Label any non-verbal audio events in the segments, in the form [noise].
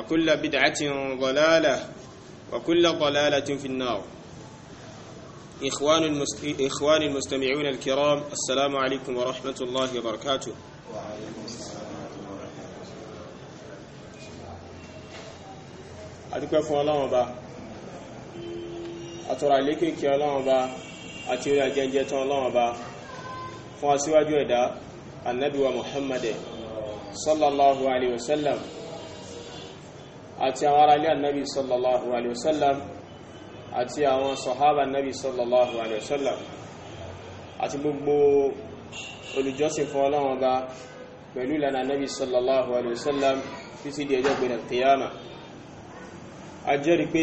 وكل بدعة ضلالة وكل ضلالة في النار إخوان, إخوان المستمعون الكرام السلام عليكم ورحمة الله وبركاته وعليكم السلام ورحمة الله وبركاته أتكفوا الله وبا أترى لك كي الله وبا أتيرا جنجة الله وبا فأسوا جودا النبي ومحمد صلى الله عليه وسلم àti àwọn ará ilé ànábì sallallahu alayhi wa sallam àti àwọn sọ̀hábà ànábì sallallahu alayhi wa sallam àti gbogbo olùjọ́sìn fún ọlọ́run ọba pẹ̀lú ìlànà ànábì sallallahu alayhi wa sallam títí di ọjọ́ gbẹ̀rẹ̀ tèyàmà a jẹ́rìí pé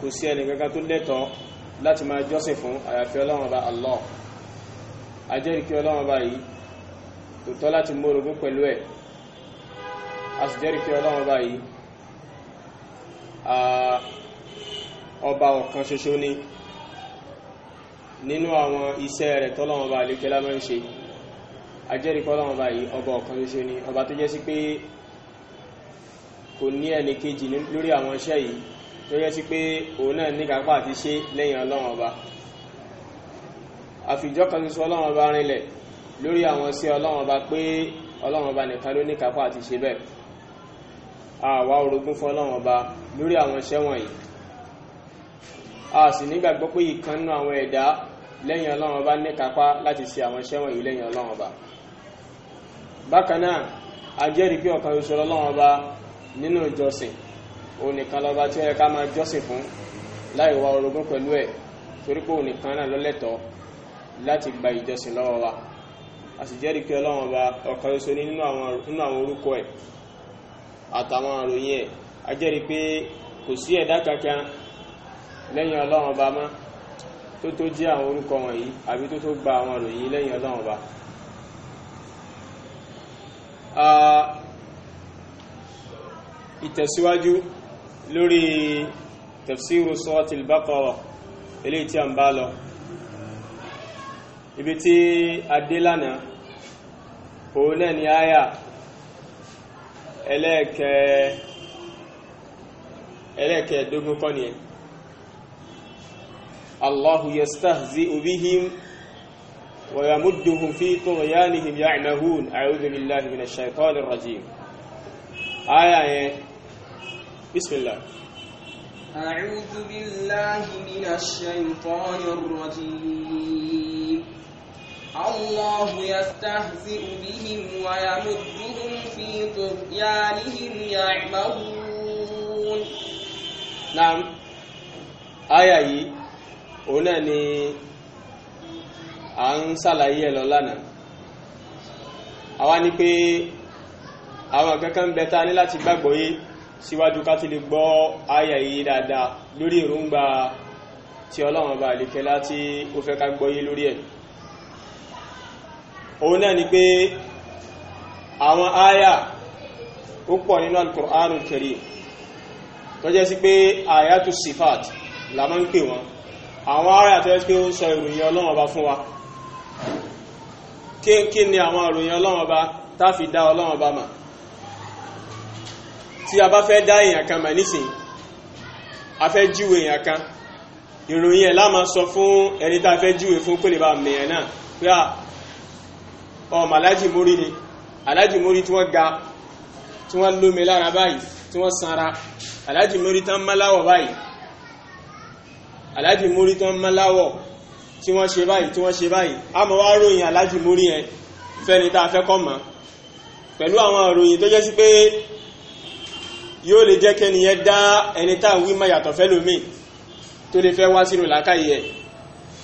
kò sí ẹni kankan tó lẹ́tọ̀ọ́ láti máa jọ́sìn fún àyàfi ọlọ́run ọba Allah a jẹ́rìí pé ọlọ́run ọba yìí kò láti mórogún pẹ̀lú ẹ̀ a sì jẹ́rìí pé ọlọ́run ọba yìí ọba ọ̀kan ṣoṣo ni nínú àwọn iṣẹ́ rẹ̀ tọ́lọ́wọ́n bá lè kẹ́lá máa ń ṣe ajẹ́rìí kọ́lọ́wọ́n bá yìí ọba ọ̀kan ṣoṣo ni ọba tó jẹ́ sí pé kò ní ẹni kejì lórí àwọn iṣẹ́ yìí tó jẹ́ sí pé òun náà ní kápá àti ṣe lẹ́yìn ọlọ́wọ́n ọba àfìjọ́ kan ṣoṣo ọlọ́wọ́n ọba rinlẹ̀ lórí àwọn iṣẹ́ ọlọ́wọ́n ọba pé ọlọ́wọ́n ọba nìkan ló ní kápá àti ṣe bẹ́ẹ̀ àwa orogún fún ọlọ́run ọba lórí àwọn iṣẹ́ wọ̀nyí a sì nígbàgbọ́ pé ìkan nínú àwọn ẹ̀dá lẹ́yìn ọlọ́run ọba níkápá láti ṣe àwọn iṣẹ́ wọ̀nyí lẹ́yìn ọlọ́run ọba bákan náà a jẹ́rìí pé ọ̀kan ṣoṣo ọlọ́run ọba nínú ìjọsìn onìkan lọ́ba tí ó yẹ ká máa jọ́sìn fún láì wá orogún pẹ̀lú ẹ̀ torí pé onìkan náà lọ́lẹ́tọ̀ọ́ láti gba ìjọsìn lọ́wọ́ wa a sì jẹ́rìí pé ọlọ́run ọba ọ̀kan ṣoṣo nínú àwọn orúkọ ẹ̀ àtàwọn àròyìn ẹ̀ a jẹ́rìí pé kò sí ẹ̀dá kankan lẹ́yìn ọlọ́run ọba mọ́ tó tó jẹ́ àwọn orúkọ wọ̀nyí àbí tó tó gba àwọn àròyìn lẹ́yìn ọlọ́run ọba ìtẹ̀síwájú lórí tafsiru suratul baqara eléyìí tí a ń bá lọ ibi tí adé lánàá òun náà ni àyà ẹlẹ́ẹ̀kẹ́ ẹlẹ́ẹ̀kẹ́ẹ̀dógún kọ́ nìyẹn allahu yastahzi'u bihim wa yamudduhum fi tughyanihim ya'mahun a'udhu billahi minash shaitanir rajim aya yẹn bismillah أعوذ بالله من الشيطان الرجيم الله يستهزئ بهم ويمدهم في طغيانهم يعمهون نعم آية yìí òun náà ni à ń ṣàlàyé ẹ̀ lọ lánàá àwa ni pé àwọn kankan bẹ ta ní láti gbàgbọ́ yé síwájú ká ti lè gbọ́ àyà yìí dáadáa lórí èròǹgbà tí Ọlọ́run bá lè fẹ́ láti ó fẹ́ ká gbọ́ yé lórí òun náà ni pé àwọn àyà ó pọ̀ nínú al-Qur'anul Karim tó jẹ́ sí pé àyàtù sifat la máa ń pè wọn àwọn àyà tó jẹ́ pé ó sọ ìròyìn Ọlọ́run Ọba fún wa kí ni àwọn ìròyìn Ọlọ́run Ọba tá fi dá Ọlọ́run Ọba mà tí a bá fẹ́ dá èèyàn kan mà nísìnyí a fẹ́ júwe èèyàn kan ìròyìn ẹ̀ la máa sọ fún ẹni tá a fẹ́ júwe fún kó lè bá mèèyàn náà ọmọ alájì mórí ni alájì mórí tí wọ́n ga tí wọ́n lómi lára báyìí tí wọ́n sanra alájì mórí tán máláwọ̀ báyìí alájì mórí tán máláwọ̀ tí wọ́n ṣe báyìí tí wọ́n ṣe báyìí a mọ̀ wá ròyìn alájì mórí yẹn fẹ́ni tá a fẹ́ kọ́ mọ̀ pẹ̀lú àwọn ìròyìn tó jẹ́ sí pé yóò lè jẹ́ kẹ́ni yẹn dá ẹni tá a wí mọ̀ yàtọ̀ fẹ́ lómi tó lè fẹ́ wá sínú làákàyè ẹ̀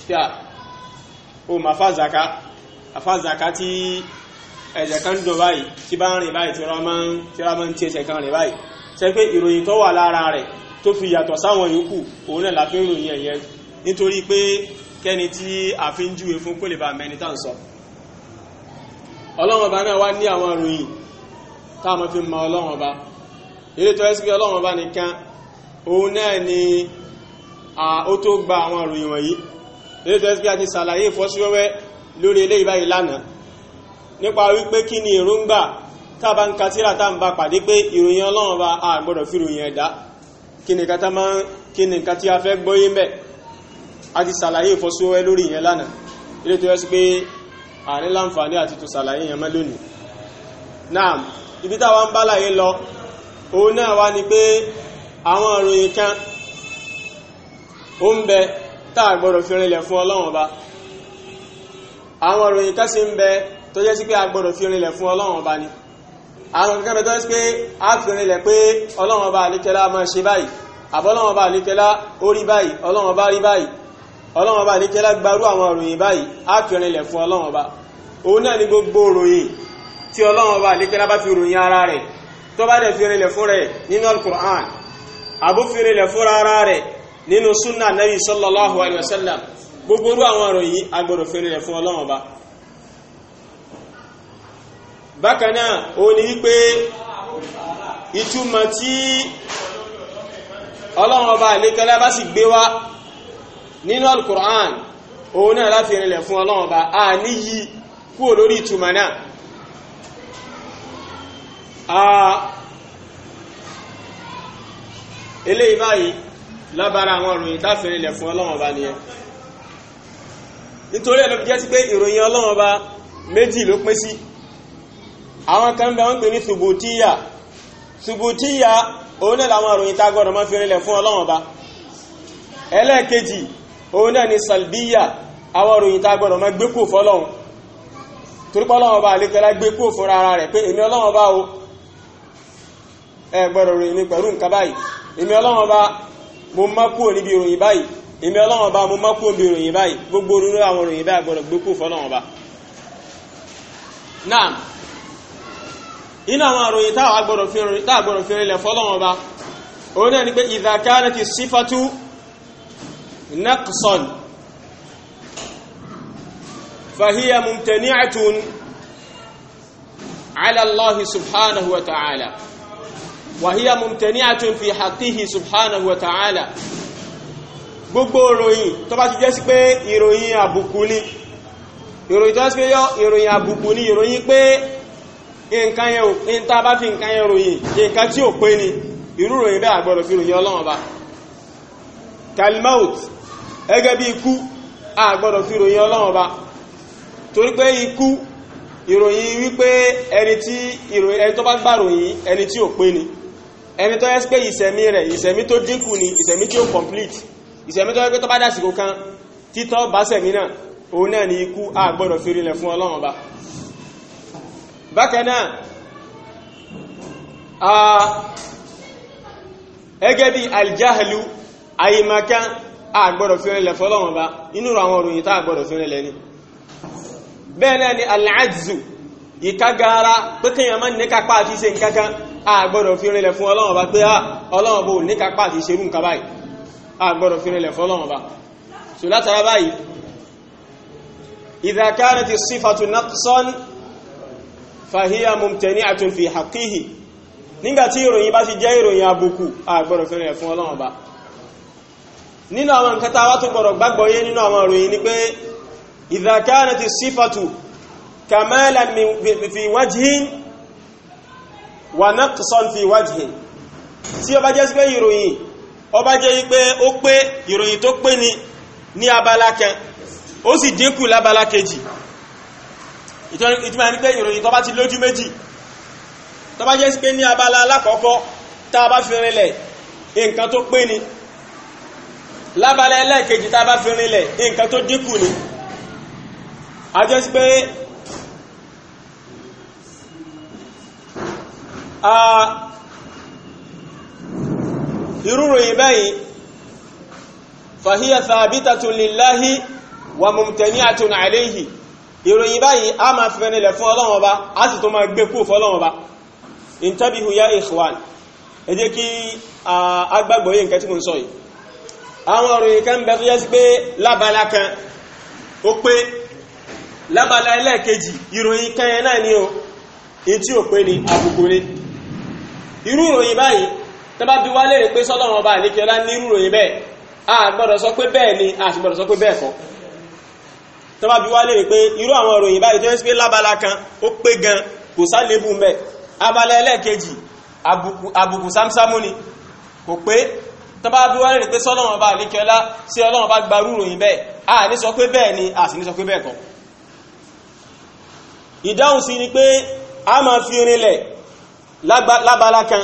tí ó máa fà zaka àfáàzàká tí ẹ̀jẹ̀ kan dùn báyìí tí bá ń rìn báyìí tí ra máa ń tí ẹsẹ̀ kan rìn báyìí ṣe pé ìròyìn tó wà lára rẹ̀ tó fi yàtọ̀ sáwọn yòókù òun náà láfi ń ròyìn ẹ̀yẹ nítorí pé kẹ́ni tí a fi ń júwe fún kó bá mẹni tá ń sọ ọlọ́run ọba náà wá ní àwọn ìròyìn táwọn fi mọ ọlọ́run ọba ilé tó ẹ́sìkí ọlọ́run ọba nìkan òun náà ni ó tó gba àwọn ìròyìn wọ̀nyí ilé tó ẹ́sìkí àti sàlàyé ìfọ́síwẹ́wẹ́ lórí eléyìí báyìí lánàá nípa wípé kí ni èròǹgbà tábà ń ka tíra tá ń ba pàdé pé ìròyìn ọlọ́run bá a gbọ́dọ̀ fi ròyìn ẹ̀dá kí ni kata máa ń kí ni nǹkan tí a fẹ́ gbọ́yé mbẹ̀ a ti ṣàlàyé ìfọ́síwẹ́ lórí ìyẹn lánàá ilé tó yẹ sí pé àní láǹfààní àti tó ṣàlàyé yẹn mọ́ lónìí náà ibi táwa ń bá láyé lọ òun náà wá ni pé àwọn ìròyìn kan ó ń bẹ tá a gbọ́dọ̀ fi rinlẹ̀ fún ọlọ́run ọba àwọn ìròyìn kan sì ń bẹ tó jẹ́ sí pé a gbọ́dọ̀ fi rinlẹ̀ fún ọlọ́run ọba ni àwọn kankan bẹ tó jẹ́ sí pé a fi rinlẹ̀ pé ọlọ́run ọba àlékẹ́lá máa ṣe báyìí àbọ́lọ́run ọba àlékẹ́lá ó rí báyìí ọlọ́run ọba rí báyìí ọlọ́run ọba àlékẹ́lá gbarú àwọn ìròyìn báyìí a fi rinlẹ̀ fún ọlọ́run ọba òun náà ni gbogbo ìròyìn tí ọlọ́run ọba àlékẹ́lá bá fi ròyìn ara rẹ̀ tó bá dẹ̀ fi rinlẹ̀ nabi sallallahu alayhi wa gbogbo orú àwọn ọ̀rọ̀ yìí agbọ́dọ̀ fèrè rẹ̀ fún ọlọ́run ọba bákan náà ó ní wípé ìtumọ̀ tí ọlọ́run ọba àlékẹ́lá bá sì gbé wá nínú alukur'an òun náà láti rìnlẹ̀ fún ọlọ́run ọba a níyí kúrò lórí ìtumọ̀ náà a eléyìí báyìí lábára àwọn ìròyìn táfẹ́rìnlẹ̀ fún ọlọ́run ọba nìyẹn nítorí ẹ̀ ló fi jẹ́ sí pé ìròyìn ọlọ́run ọba méjì ló pín sí àwọn kan bẹ wọ́n pè ní ṣubùtíyà ṣubùtíyà òun náà làwọn ìròyìn tá gbọ́dọ̀ máa fi rinlẹ̀ fún ọlọ́run ọba ẹlẹ́ẹ̀kejì òun náà ni salbiya àwọn ìròyìn tá gbọ́dọ̀ máa gbé kò fọ́lọ́run torípọ́ ọlọ́run ọba àlékẹ́lá gbé kò fún ara rẹ̀ pé èmi ọlọ́run ọba o ẹ gbọ́dọ̀ ròyìn mi pẹ̀lú nǹkan báyìí èmi ọlọ́run ọba mo má kúrò níbi ìròyìn báyìí ìmí ọlọ́run ọba mo mọ́kú omi ìròyìn báyìí gbogbo orúurú àwọn ìròyìn báyìí gbọ́dọ̀ gbé kú fọlọ́run ọba. náà inú àwọn ìròyìn táà gbọ́dọ̀ fi rinlẹ̀ fọlọ́run ọba òun náà ni pé idha kanati sífàtú naqsan fahiya mumtani'atun ala Allahi subhanahu wa ta'ala wa hiya mumtani'atun fi haqqihi subhanahu wa ta'ala gbogbo ìròyìn tó bá ti jẹ́ sí pé ìròyìn àbùkù ni ìròyìn tó jẹ́ sí pé ìròyìn àbùkù ni ìròyìn pé nǹkan yẹn ò ní tá bá fi nǹkan yẹn ròyìn nǹkan tí ò pé ni irú ròyìn bẹ́ẹ̀ àgbọ̀dọ̀ fi ròyìn ọlọ́run ọba kalmaut ẹgẹ́ bí ikú àgbọ̀dọ̀ fi ròyìn ọlọ́run ọba torí pé ikú ìròyìn wípé ẹni tí ẹni tó bá gbà ròyìn ẹni tí ò pé ni ẹni tó yẹ sí pé ìsẹ̀mí rẹ̀ ìsẹ̀mí tó dínkù ni ìsẹ̀mí tí ó complete ìsẹ̀mí tó wípé tó bá dásìkò kan títọ́ bá sẹ̀mí náà òun náà ni ikú àgbọ́dọ̀ fèrèlẹ̀ fún ọlọ́run ọba bákan náà ẹgẹ́ bí aljahalu àyèmaka àgbọ́dọ̀ fèrèlẹ̀ fún ọlọ́run ọba inú àwọn òròyìn tá àgbọ́dọ̀ fèrèlẹ̀ ni bẹ́ẹ̀ náà ni al'ajzu ìkágara pé kíyàn mọ́ níkápá àti ṣe nǹkankan àgbọ́dọ̀ fèrèlẹ̀ fún ọlọ́run ọba pé ah, ọlọ́run ọba ò níkápá àti ṣerú nǹkan báyìí àgbọ̀dọ̀ fi rinlẹ̀ fọ́lọ́wọ́n bá so látara báyìí idha kanati sífàtù naqsan fàhíyà mumtani'atun fi haqqihi nígbàtí ìròyìn bá ti jẹ́ ìròyìn àbùkù àgbọ̀dọ̀ fi rinlẹ̀ fọ́lọ́wọ́n bá nínú àwọn nǹkan tàwà tó gbọ̀rọ̀ gbàgbọ́ yé nínú àwọn ìròyìn ni pé idha kanati sífàtù kamalan tí ó jẹ́ sí pé ìròyìn ọba jẹ́ wípé ó pé ìròyìn tó pé ni ní abala kan ó sì dínkù lábala kejì ìtumọ̀ ní pé ìròyìn tó bá ti lójú méjì tó bá jẹ́ sí pé ní abala alákọ̀ọ́kọ́ tá a bá fi rinlẹ̀ nǹkan tó pé ni lábala ẹlẹ́ẹ̀kejì tá a bá fi nǹkan tó dínkù ni a jẹ́ sí pé a irúròyìn báyìí fàhíyà thabitatun lillahi wà mumtani'atun alayhi ìròyìn báyìí a máa fi fẹ́nilẹ̀ fún ọlọ́run ọba a sì tó máa gbé kú fọ́lọ́run ọba intabihu ya ikhwan ẹ jẹ́ kí agbàgbọ́ yìí nǹkan tí mo ń sọ yìí àwọn ìròyìn báyìí tó bá bi wá léèrè pé sọ́lọ́run ọba àlékè ọlá nírú ròyìn bẹ́ẹ̀ a gbọ́dọ̀ sọ pé bẹ́ẹ̀ ni a sì gbọ́dọ̀ sọ pé bẹ́ẹ̀ kọ́ tó bá bi wá léèrè pé irú àwọn ròyìn báyìí tó ń pé lábala kan ó pé gan kò sálébù mẹ́ abala ẹlẹ́ẹ̀kejì àbùkù sámsámú ni kò pé tó bá bi wá léèrè pé sọ́lọ́run ọba àlékè ọlá sí ọlọ́run ọba gbarú ròyìn bẹ́ẹ̀ a ní sọ pé bẹ́ẹ̀ ni a sì ní sọ pé bẹ́ẹ̀ kọ́ ìdáhùn sí ni pé a máa fi rinlẹ̀ lábala kan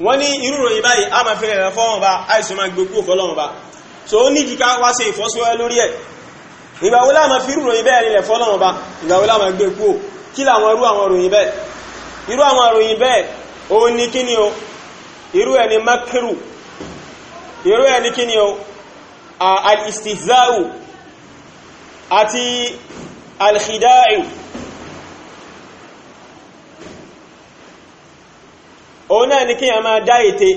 wọ́n ní irú ròyìn báyìí a máa fi rẹ̀ fọ́wọ́n bá àìsàn máa gbogbo fọ́lọ́wọ́n bá so ó nídìí ká wá ṣe ìfọ́síwẹ́ lórí ẹ̀ ìgbà wo la máa fi irú ròyìn bẹ́ẹ̀ nílẹ̀ fọ́lọ́wọ́n bá ìgbà wo la máa gbé kúò kí làwọn irú àwọn ròyìn bẹ́ẹ̀ irú òun náà ni kí a máa dá ète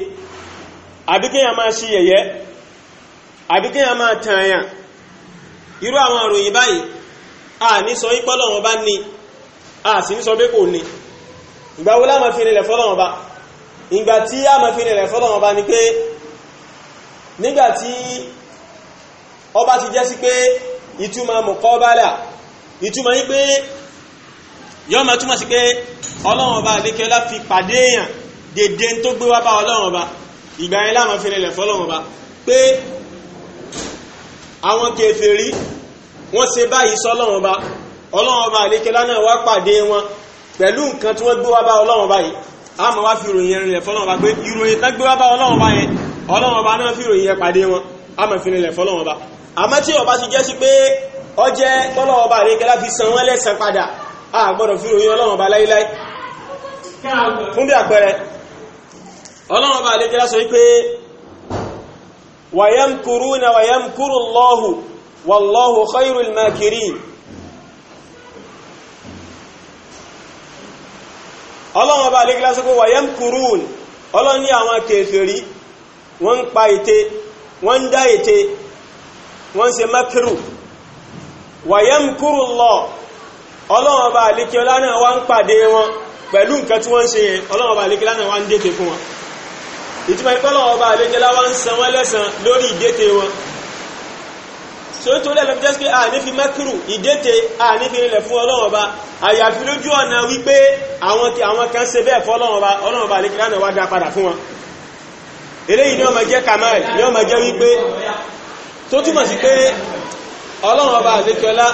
àbí kí a máa ṣe yẹ̀yẹ́ àbí kí a máa tààyàn irú àwọn ìròyìn báyìí a ní sọ yí pọ́lọ̀wọ́n bá ní a sì ní sọ pé kò ní ìgbà wo la máa fi rìnlẹ̀ fọ́lọ̀wọ́n bá ìgbà tí yọ́ máa túmọ̀ sí pé ọlọ́wọ́n bá lékẹ́lá fi pàdé èèyàn dédé tó gbé wá bá ọlọ́run ọba ìgbà yẹn láwọn fi fọlọ́run ọba pé àwọn kèfèrí wọ́n ṣe báyìí sọ́lọ́run ọba ọlọ́run ọba àlékelá náà wá pàdé wọn pẹ̀lú nǹkan tí wọ́n gbé wá bá ọlọ́run ọba yìí a máa wá fi ìròyìn rinlẹ̀ fọlọ́run ọba pé ìròyìn tán gbé wá bá ọlọ́run ọba yẹn ọlọ́run ọba náà fi ìròyìn yẹn pàdé wọn a máa fi rinlẹ̀ fọlọ́run ọba àmọ́ tí ọba ti jẹ́ sí pé ọjẹ́ ọlọ́run ọba àlékelá fi san wọ́n lẹ́san padà a gbọ́dọ̀ fi ìròyìn ọlọ́run ọba láíláí fún bí àpẹẹrẹ ọlọ́run bá àlejò sọ wípé wayamkuruna wayamkurullahu wallahu khairul makirin ọlọ́run bá àlejò sọ pé wayamkurun ọlọ́run ní àwọn kèfèrí wọ́n ń pa ète wọ́n ń dá ète wọ́n ń ṣe makiru wayamkurullahu ọlọ́run ọba àlékí ọlá náà wá ń pàdé wọn pẹ̀lú nǹkan tí wọ́n ń ṣe ọlọ́run ọba àlékí ọlá náà ń dètè ìtumọ̀ ìpọ́lọ̀ ọba àlékẹ́lá wá ń san wọ́n lẹ́san lórí ìdéte wọn so tó lẹ́lọ jẹ́ pé a ní fi mẹ́kúrù ìdéte a ní fi rinlẹ̀ fún ọlọ́run ọba àyàfi lójú ọ̀nà wípé àwọn kan ṣe bẹ́ẹ̀ fọ́ ọlọ́run ọba ọlọ́run ọba àlékẹ́lá náà wá dá padà fún wọn eléyìí ni ó máa jẹ́ kamal ni ó máa jẹ́ wípé tó túmọ̀ sí pé ọlọ́run ọba àlékẹ́lá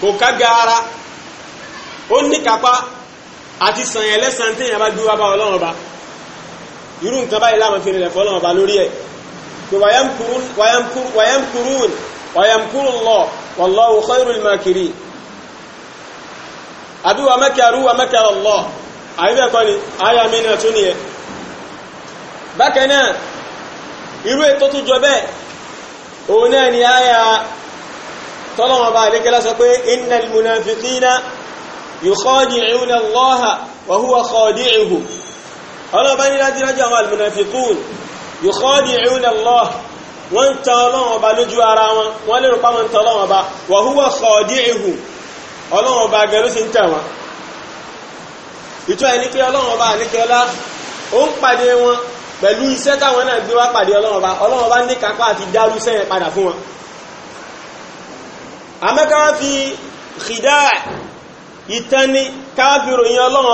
kò kága ara ó ní kápá àti sàn yẹn lẹ́sàn tí yẹn bá dúró bá ọlọ́run ọba irú nǹkan báyìí láwọn fi rìnlẹ̀ fọ́lọ́wọ́ bá lórí ẹ̀ pé wàyẹ̀mkúrún wàyẹ̀mkúrúnlọ wallahu khairul makirin àbí wà makaru wà makarallah àyíbẹ̀kọ́ ni àyà mìíràn tún ni ẹ bákan náà irú ètò tó jọ bẹ́ẹ̀ òun náà ni àyà tọ́lọ́wọ́ bá àlékẹ́lá sọ pé innal munafiqina yukhadi'una allaha ọlọ́ba ní dájúdájú àwọn almunafiqun yukhadi'una Allah wọ́n ń tan ọlọ́wọ́n ọba lójú ara wọn wọ́n lérò pámọ́ ń tan ọlọ́wọ́n ọba wa huwa khadi'uhum ọlọ́wọ́n ọba gẹ̀rú sí ń tẹ̀ wọn ìtọ́ ẹni pé ọlọ́wọ́n ọba àníkẹ́lá ó ń pàdé wọn pẹ̀lú iṣẹ́ táwọn náà gbé wá pàdé ọlọ́wọ́n ọba ọlọ́wọ́n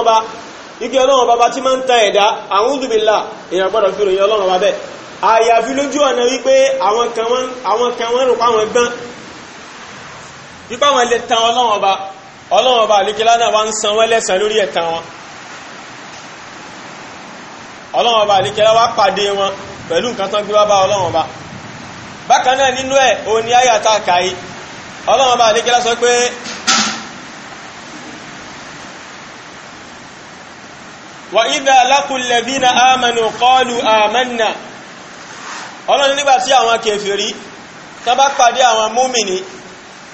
ọba ike ọlọ́run bàbá tí máa ń tan ẹ̀dá àwọn òdùbìlà èèyàn gbọ́dọ̀ fi ròyìn ọlọ́run bàbẹ́ àyàfi lójú ọ̀nà wípé àwọn kan wọ́n rùpa àwọn gbọ́n wípé àwọn ilẹ̀ tan ọlọ́run ọba ọlọ́run ọba àlékelá náà wá ń san wọ́n lẹ́sàn lórí ẹ̀tàn wọn ọlọ́run ọba àlékelá wá pàdé wọn pẹ̀lú nǹkan tán gbé wá bá ọlọ́run ọba bákan náà nínú ẹ̀ òun ni àyàtà kàí ọlọ́run ọba àlékelá sọ pé وإذا لقوا الذين آمنوا قالوا آمنا ọlọ́run nígbà tí àwọn kèfèrí tán bá pàdé àwọn múmìnì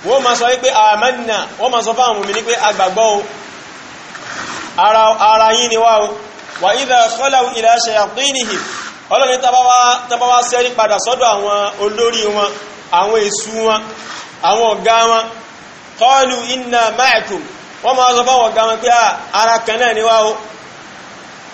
wọ́n ma sọ wípé àmánà wọ́n ma sọ fáwọn múmìnì pé agbàgbọ́ o ara yín ni wá o wà idha khalau ila shayatinihim ọlọ́run tàbá sẹ́rí padà sọ́dọ̀ àwọn olórí wọn àwọn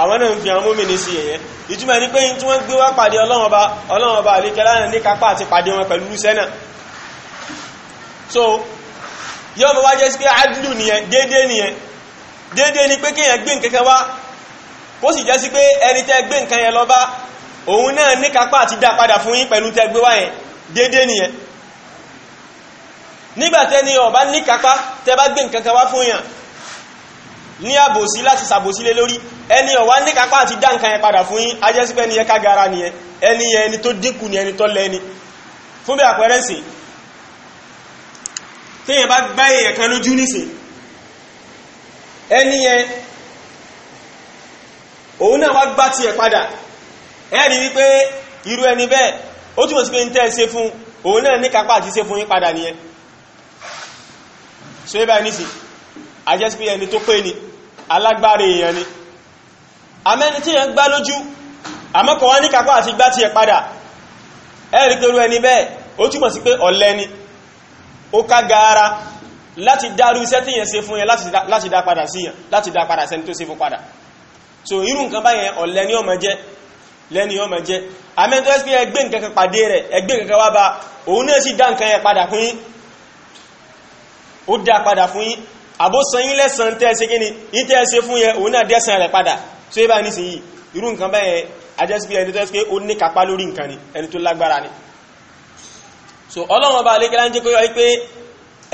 àwọn náà ń fi àwọn mómìnì sí ẹ̀yẹ ìtumọ̀ ní pé yí tí wọ́n gbé wá pàdé ọlọ́run ọba àlékẹ́ ní kápá àti pàdé wọn pẹ̀lú lúsẹ́ náà so yọ́ mọ́ wá jẹ́ sí pé adìlú nìyẹn dédé ni pé kéèyàn gbé nǹkan kan wá kó sì jẹ́ sí pé ẹni tẹ́ gbé nǹkan yẹn lọ bá òun náà ní kápá àti dá padà fún yín pẹ̀lú tẹ́ gbé wá yẹn dédé nìyẹn nígbàtẹ́ ni ọba ní kápá tẹ́ bá gbé nǹkan kan wá fún yàn ní àbòsí láti sàbòsí lé lórí ẹni ọ̀wá ní kápá àti dá nǹkan yẹn padà fún yín ajẹ́sípẹ́ ni yẹn ká gara ni yẹn ẹni yẹn ẹni tó dínkù ni ẹni tó lẹ́ni fún bí àpẹẹrẹ sí téèyàn bá gbá èèyàn kan lójú nísìn ẹni yẹn òun náà wá gbá tiẹ̀ padà ẹni wípé irú ẹni bẹ́ẹ̀ ó túmọ̀ sí pé ń ẹni tó pé ni alágbára èèyàn ni amẹ́ni tí yẹn gbá lójú àmọ́kọ̀ wá ní kápá àti gbá ti ẹ̀ padà ẹ̀rí pẹ̀lú ẹni bẹ́ẹ̀ ó túmọ̀ sí pé ọ̀lẹ ni ó ká gaara láti dárú iṣẹ́ tí yẹn ṣe fún yẹn láti dá padà sí yẹn láti dá padà sẹ́ni tó ṣe fún padà so irú nǹkan báyẹn ọ̀lẹ ni ó máa jẹ́ lẹ́ni ó máa jẹ́ amẹ́ni ba òun náà sì dá nǹkan yẹn padà fún yín àbósan yín lẹ́sàn tẹ́ ṣe gíní yín tẹ́ ṣe fún yẹ òun náà dẹ́sàn rẹ̀ padà tó yẹ bá ní sí yìí irú nǹkan báyẹn ajẹ́sípé ẹni tó ṣe ó ní kápá lórí nǹkan ni ẹni tó lágbára ni so ọlọ́run ọba àlékẹ́lá ń jẹ́ pé pé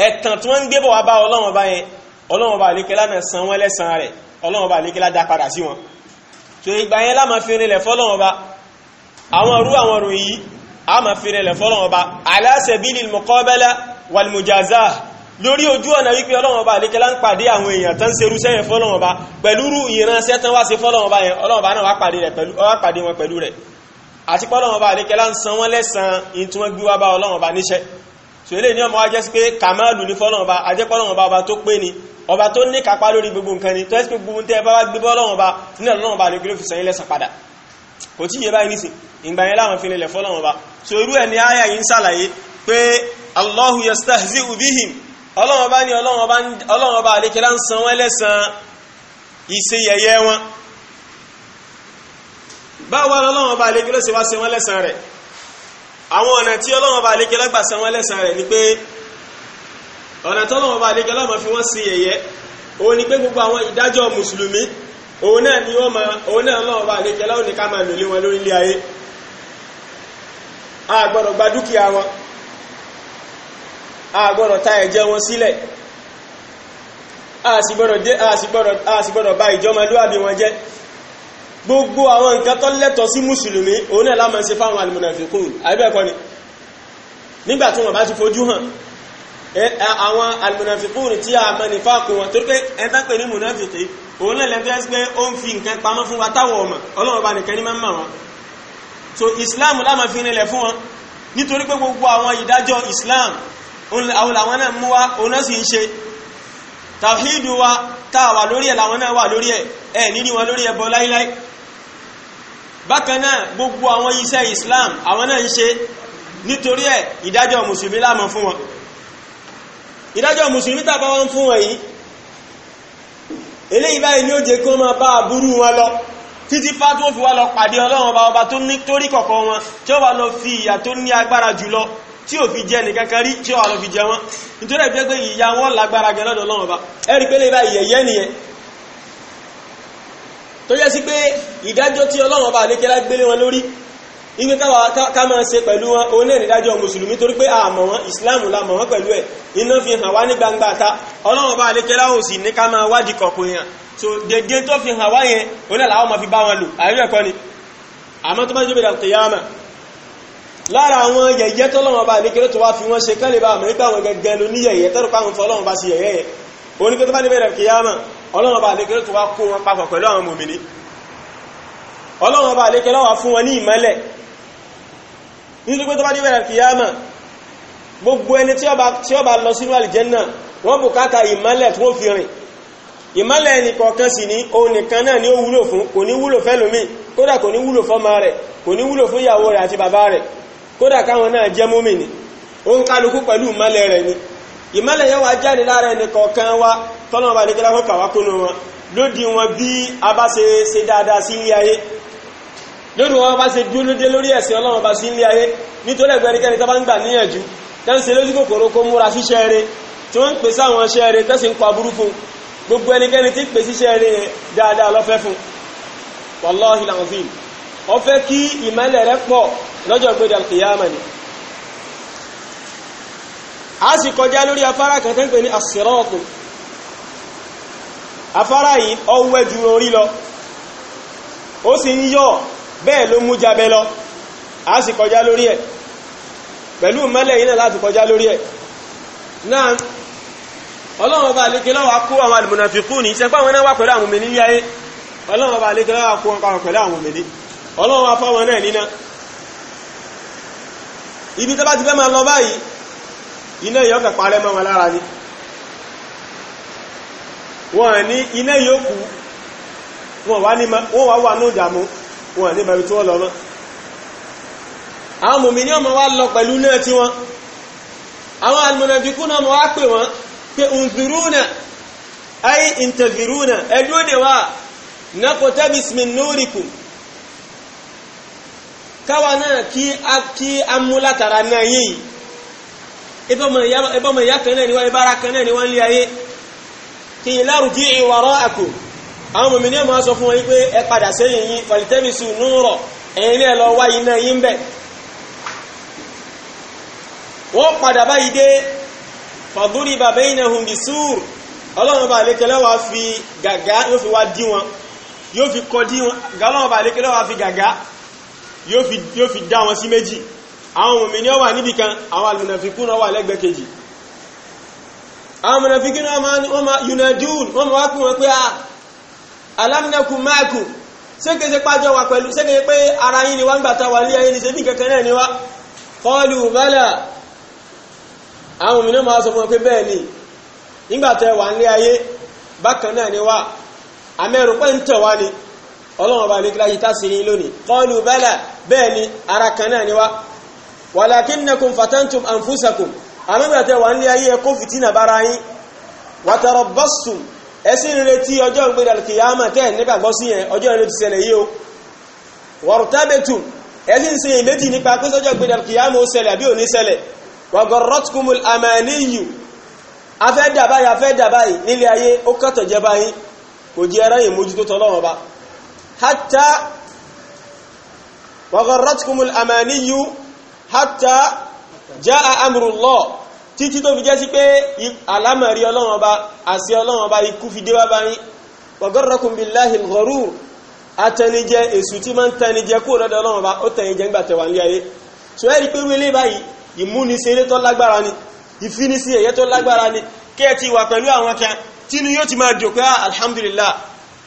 ẹ̀tàn tí wọ́n ń gbébọ̀ wá bá ọlọ́run ọba yẹn ọlọ́run ọba àlékẹ́lá náà san wọ́n so ìgbà yẹn láma fi rinlẹ̀ fọ́lọ́run ọba àwọn irú àwọn ọ̀rùn yìí a máa fi rinlẹ̀ fọ́lọ́run ọba ala lórí ojú ọ̀nà wípé ọlọ́wọ́n ọba àlékẹ́lá ń pàdé àwọn èèyàn tán ṣerú sẹ́yìn fọ́lọ́wọ́n ọba pẹ̀lú ìránṣẹ́ tán wá sí fọ́lọ́wọ́n ọba yẹn ọlọ́wọ́n ọba náà wá pàdé wọn pẹ̀lú rẹ̀ àti pọ́lọ́wọ́n ọba àlékẹ́lá ń san wọ́n lẹ́san in tí wọ́n gbé wá bá ọlọ́wọ́n ọba níṣẹ́ so eléyìí ni ọmọ wa jẹ́ sí pé kàmáàlù ní fọ́lọ́wọ́n ọba ajẹ́ pọ́lọ́wọ́n ọba ọba tó pé ni ọba tó ní kápá lórí gbogbo nǹkan ni tó ẹ́ sí pé gbogbo tẹ́ ẹ bá wá gbé bọ́lọ́wọ́n ọba nílẹ̀ lọ́wọ́n ọba ní kí ló fi san yín lẹ́san padà kò tí yé báyìí nísìn ìgbà yẹn láwọn fi nílẹ̀ fọ́lọ́wọ́n ọba so irú ẹ̀ ni áyà yìí ń ṣàlàyé pé Allahu yastahzi'u bihim ọlọ́run ọba ní ọlọ́run ọba àlékẹ́lá ń san wọ́n lẹ́san ìṣe yẹ̀yẹ́ wọn báwo ọlọ́run ọba àlékẹ́lá ṣe wá san wọ́n lẹ́san rẹ̀ àwọn ọ̀nà tí ọlọ́run ọba àlékẹ́lá gbà san wọ́n lẹ́san rẹ̀ ni pé ọ̀nà tí ọlọ́run ọba àlékẹ́lá máa fi wọ́n ṣe yẹ̀yẹ́ òun ni pé gbogbo àwọn ìdájọ́ mùsùlùmí òun náà ni wọ́n máa òun náà ọlọ́run ọba àlékẹ́lá ò ní ká máa lò wọn lórí ayé a dúkìá wọn a gbọ́dọ̀ ta ẹ̀jẹ́ wọn sílẹ̀ a sì gbọ́dọ̀ bá ìjọmọlúwàbí wọn jẹ́ gbogbo àwọn nǹkan tó lẹ́tọ̀ sí mùsùlùmí òun náà la máa ń ṣe fáwọn alìmọ̀nàfikún àbẹ́ẹ̀kọ́ ni nígbà tí wọ́n bá ti fojú hàn àwọn alìmọ̀nàfikún tí a mọ̀ ní fáàkù wọn tó pé ẹ̀ta pè ní mùnàfikún òun náà lẹ́tọ́ ẹ́sì pé ó ń fi nǹkan pamọ́ fún wa táwọn ọmọ so islam la máa fi rinlẹ̀ fún wọn nítorí islam àwọn làwọn náà mú wá òun náà sì ń ṣe tàwíìdù wa táàwà lórí ẹ̀ làwọn náà wà lórí ẹ̀ ẹ̀ níní wọn lórí ẹbọ láíláí bákan náà gbogbo àwọn iṣẹ́ Islam àwọn náà ń ṣe nítorí ẹ̀ ìdájọ́ mùsùlùmí la máa fún wọn ìdájọ́ mùsùlùmí tàbá wọn fún wọn yìí eléyìí báyìí ni ó jẹ́ kó máa bá aburú wọn lọ títí fá tó fi wá lọ pàdé ọlọ́run ọba ọba tó ní torí kọ̀kọ́ wọn tí ó wà lọ fi ìyà tó ní agbára jùlọ tí ò fi jẹ́ nìkankan rí tí ó àlọ́ fi jẹ wọ́n nítorí ẹ̀bí pé ìyá wọn lágbára gẹ̀ lọ́dọ̀ Ọlọ́run Ọba ẹ̀rí pé lè bá ìyẹ̀yẹ́ nìyẹn tó yẹ sí pé ìdájọ́ tí Ọlọ́run Ọba àlékẹ́lá gbélé wọn lórí ìgbé ká máa ṣe pẹ̀lú wọn òun náà nídájọ́ mùsùlùmí torí pé àmọ̀ wọn ìsìláàmù la mọ̀ wọn pẹ̀lú ẹ̀ iná fi hàn wá ní gbangba ta Ọlọ́run Ọba àlékẹ́lá ò sì ní ká máa wádìí kọ̀ọ̀kọ̀ yẹn so dédé tó fi hàn wá yẹn òun náà làwọn máa fi bá wọn lò àyẹ̀wò ẹ̀kọ́ ni àmọ́ tó bá jẹ́ bẹ̀rẹ̀ àtẹ̀yàmà lára àwọn yẹ̀yẹ́ tọ́lọ́wọ́n bá ní kéré tó wá fi wọ́n ṣe kán lè bá àmì pàwọn gẹ̀gẹ̀ ló ní yẹ̀yẹ́ tọ́rọ pàwọn fọ́lọ́wọ́n bá sí yẹ̀yẹ́ yẹ̀ oníkẹ́ tó bá ní bẹ̀rẹ̀ kìyàmà ọlọ́wọ́n bá ní kéré tó wá kó wọn papọ̀ pẹ̀lú àwọn mòmìnì ọlọ́wọ́n bá ní kéré wá fún wọn ní ìmọ́lẹ̀ nítorí tó ẹni kọ̀ọ̀kan sì ní òun nìkan náà ni ó wúlò fún kò ní wúlò fẹ́lòmí kódà kò ní wúlò fọ́mọ rẹ̀ kò ní wúlò fún ìyàwó rẹ̀ àti bàbá rẹ̀ kódà káwọn náà jẹ́ mùmínì ó ń kálukú pẹ̀lú ìmọ́lẹ̀ rẹ̀ ni ìmọ́lẹ̀ yẹn wá jáde lára ẹni kọ̀ọ̀kan wa tọ́lọ́wọ́ bá nígbà fún kàwákónú wọn lódì wọn bí a bá ṣe ṣe dáadáa sí ilé ayé lódì wọn bá ṣe dúró dé lórí ẹ̀sìn ọlọ́wọ́ bá sí ilé ayé nítorí ẹgbẹ̀rẹ́kẹ́ni tó bá ń gbà níyànjú tẹ́ ń ṣe lójú kòkòrò kó ó fẹ́ kí ìmọ́lẹ̀ rẹ pọ̀ lọ́jọ́ gbé dàlkìyàmà ni a sì kọjá lórí afárá kan tẹ́ ń pè ní asirọ́ọ̀tù afárá yìí ó wẹ́ ju orí lọ ó sì ń yọ bẹ́ẹ̀ ló mú jabẹ lọ a sì kọjá lórí ẹ̀ pẹ̀lú ìmọ́lẹ̀ yìí náà láti kọjá lórí ẹ̀ náà ọlọ́run ọba àlékè lọ́wọ́ akó àwọn alìmọ̀nàfikún ní ìṣẹ́pá àwọn òmìnirí ayé pẹ̀lú àwọn òmìnirí ọlọ́run afáwọn náà níná ibi tó bá ti fẹ́ máa lọ báyìí iná yóò kẹ̀ parẹ́ mọ́ wọn lára ní wọ́n ní iná yóò kú wọ́n wá wà ní ìdàmú wọ́n ní bẹ̀rẹ̀ tí wọ́n lọ mọ́ àwọn mòmí ní ọmọ wá lọ pẹ̀lú náà tí wọ́n àwọn alìmọ̀nàfikú náà mọ̀ wá pè wọ́n pé ǹzìrúnà ay ìntẹ̀zìrúnà ẹdúnẹ̀wà náà kò tẹ́bìsmin káwa náà kí a kí a mú látara náà yìí ibọ́mọ̀ ìyá kan náà ni wọ́n ibára kan náà ni wọ́n lé ayé kí yìí lárùjí ìwọ̀rọ̀ àkù àwọn mọ̀mí ní ọmọ sọ fún wọn wípé ẹ padà sẹ́yìn yìí falitẹ́mìsù núrọ̀ ẹ̀yìn náà lọ wá yìí ń bẹ̀ wọ́n padà báyìí dé bàbá hùn bí ọlọ́run bá fi gàgá yóò fi wá wọn fi wọn gàlọ́run bá fi gàgá yóò fi dá wọn sí méjì àwọn mùmínì wà níbi kan àwọn alìmùnàfikún wà lẹ́gbẹ̀ẹ́ kejì àwọn mùnàfikún wọ́n ma yunadun wọ́n ma kún wọn pé a alámìnàkù máàkù sékèsé pàjọ wà pẹ̀lú sékèsé pé ara yìí ni wá ń gbàta wà lé ayé ni ṣe bí kẹ̀kẹ́ ni wá kọlù bálà àwọn mùmínì ma sọ fún wọn pé bẹ́ẹ̀ ni nígbàtẹ̀ wà ni wá àmẹ́rù pẹ́ ń ọlọ́run ọba ní kíláyì tá sí ní lónìí qalu bala bẹ́ẹ̀ ni ara kan náà ni wá walakinnakum fatantum anfusakum àmọ́gbàtẹ́ wà ní ayé ẹkọ́ fìtínà bára yín watarabbassum ẹsìn retí ọjọ́ ìgbèrè alkiyama tẹ́ nígbàgbọ́ sí yẹn ọjọ́ ìrètí ṣẹlẹ̀ yìí o wartabetum ẹsìn sí yẹn méjì nípa pé sọjọ́ ìgbèrè alkiyama ó ṣẹlẹ̀ àbí حتى وغرتكم الأماني حتى جاء أمر الله títí tó fi jẹ́ sí pé àlámọ̀rí ọlọ́run ọba àṣẹ ọlọ́run ọba ikú fi dé wá báyìí wagharrakum billahi al-gharur atẹnijẹ èsù tí máa ń tẹnijẹ kó rọ́dọ̀ ọlọ́run ọba ó tẹnijẹ ń gbàtẹ̀wà ní ayé so ẹ́ rí pé wílé báyìí ìmúniṣeré tó lágbára ni ìfinisí ẹ̀yẹ tó lágbára ni kẹ́ ẹ ti wà pẹ̀lú àwọn kan tínú yóò ti máa dùn pé alhamdulillah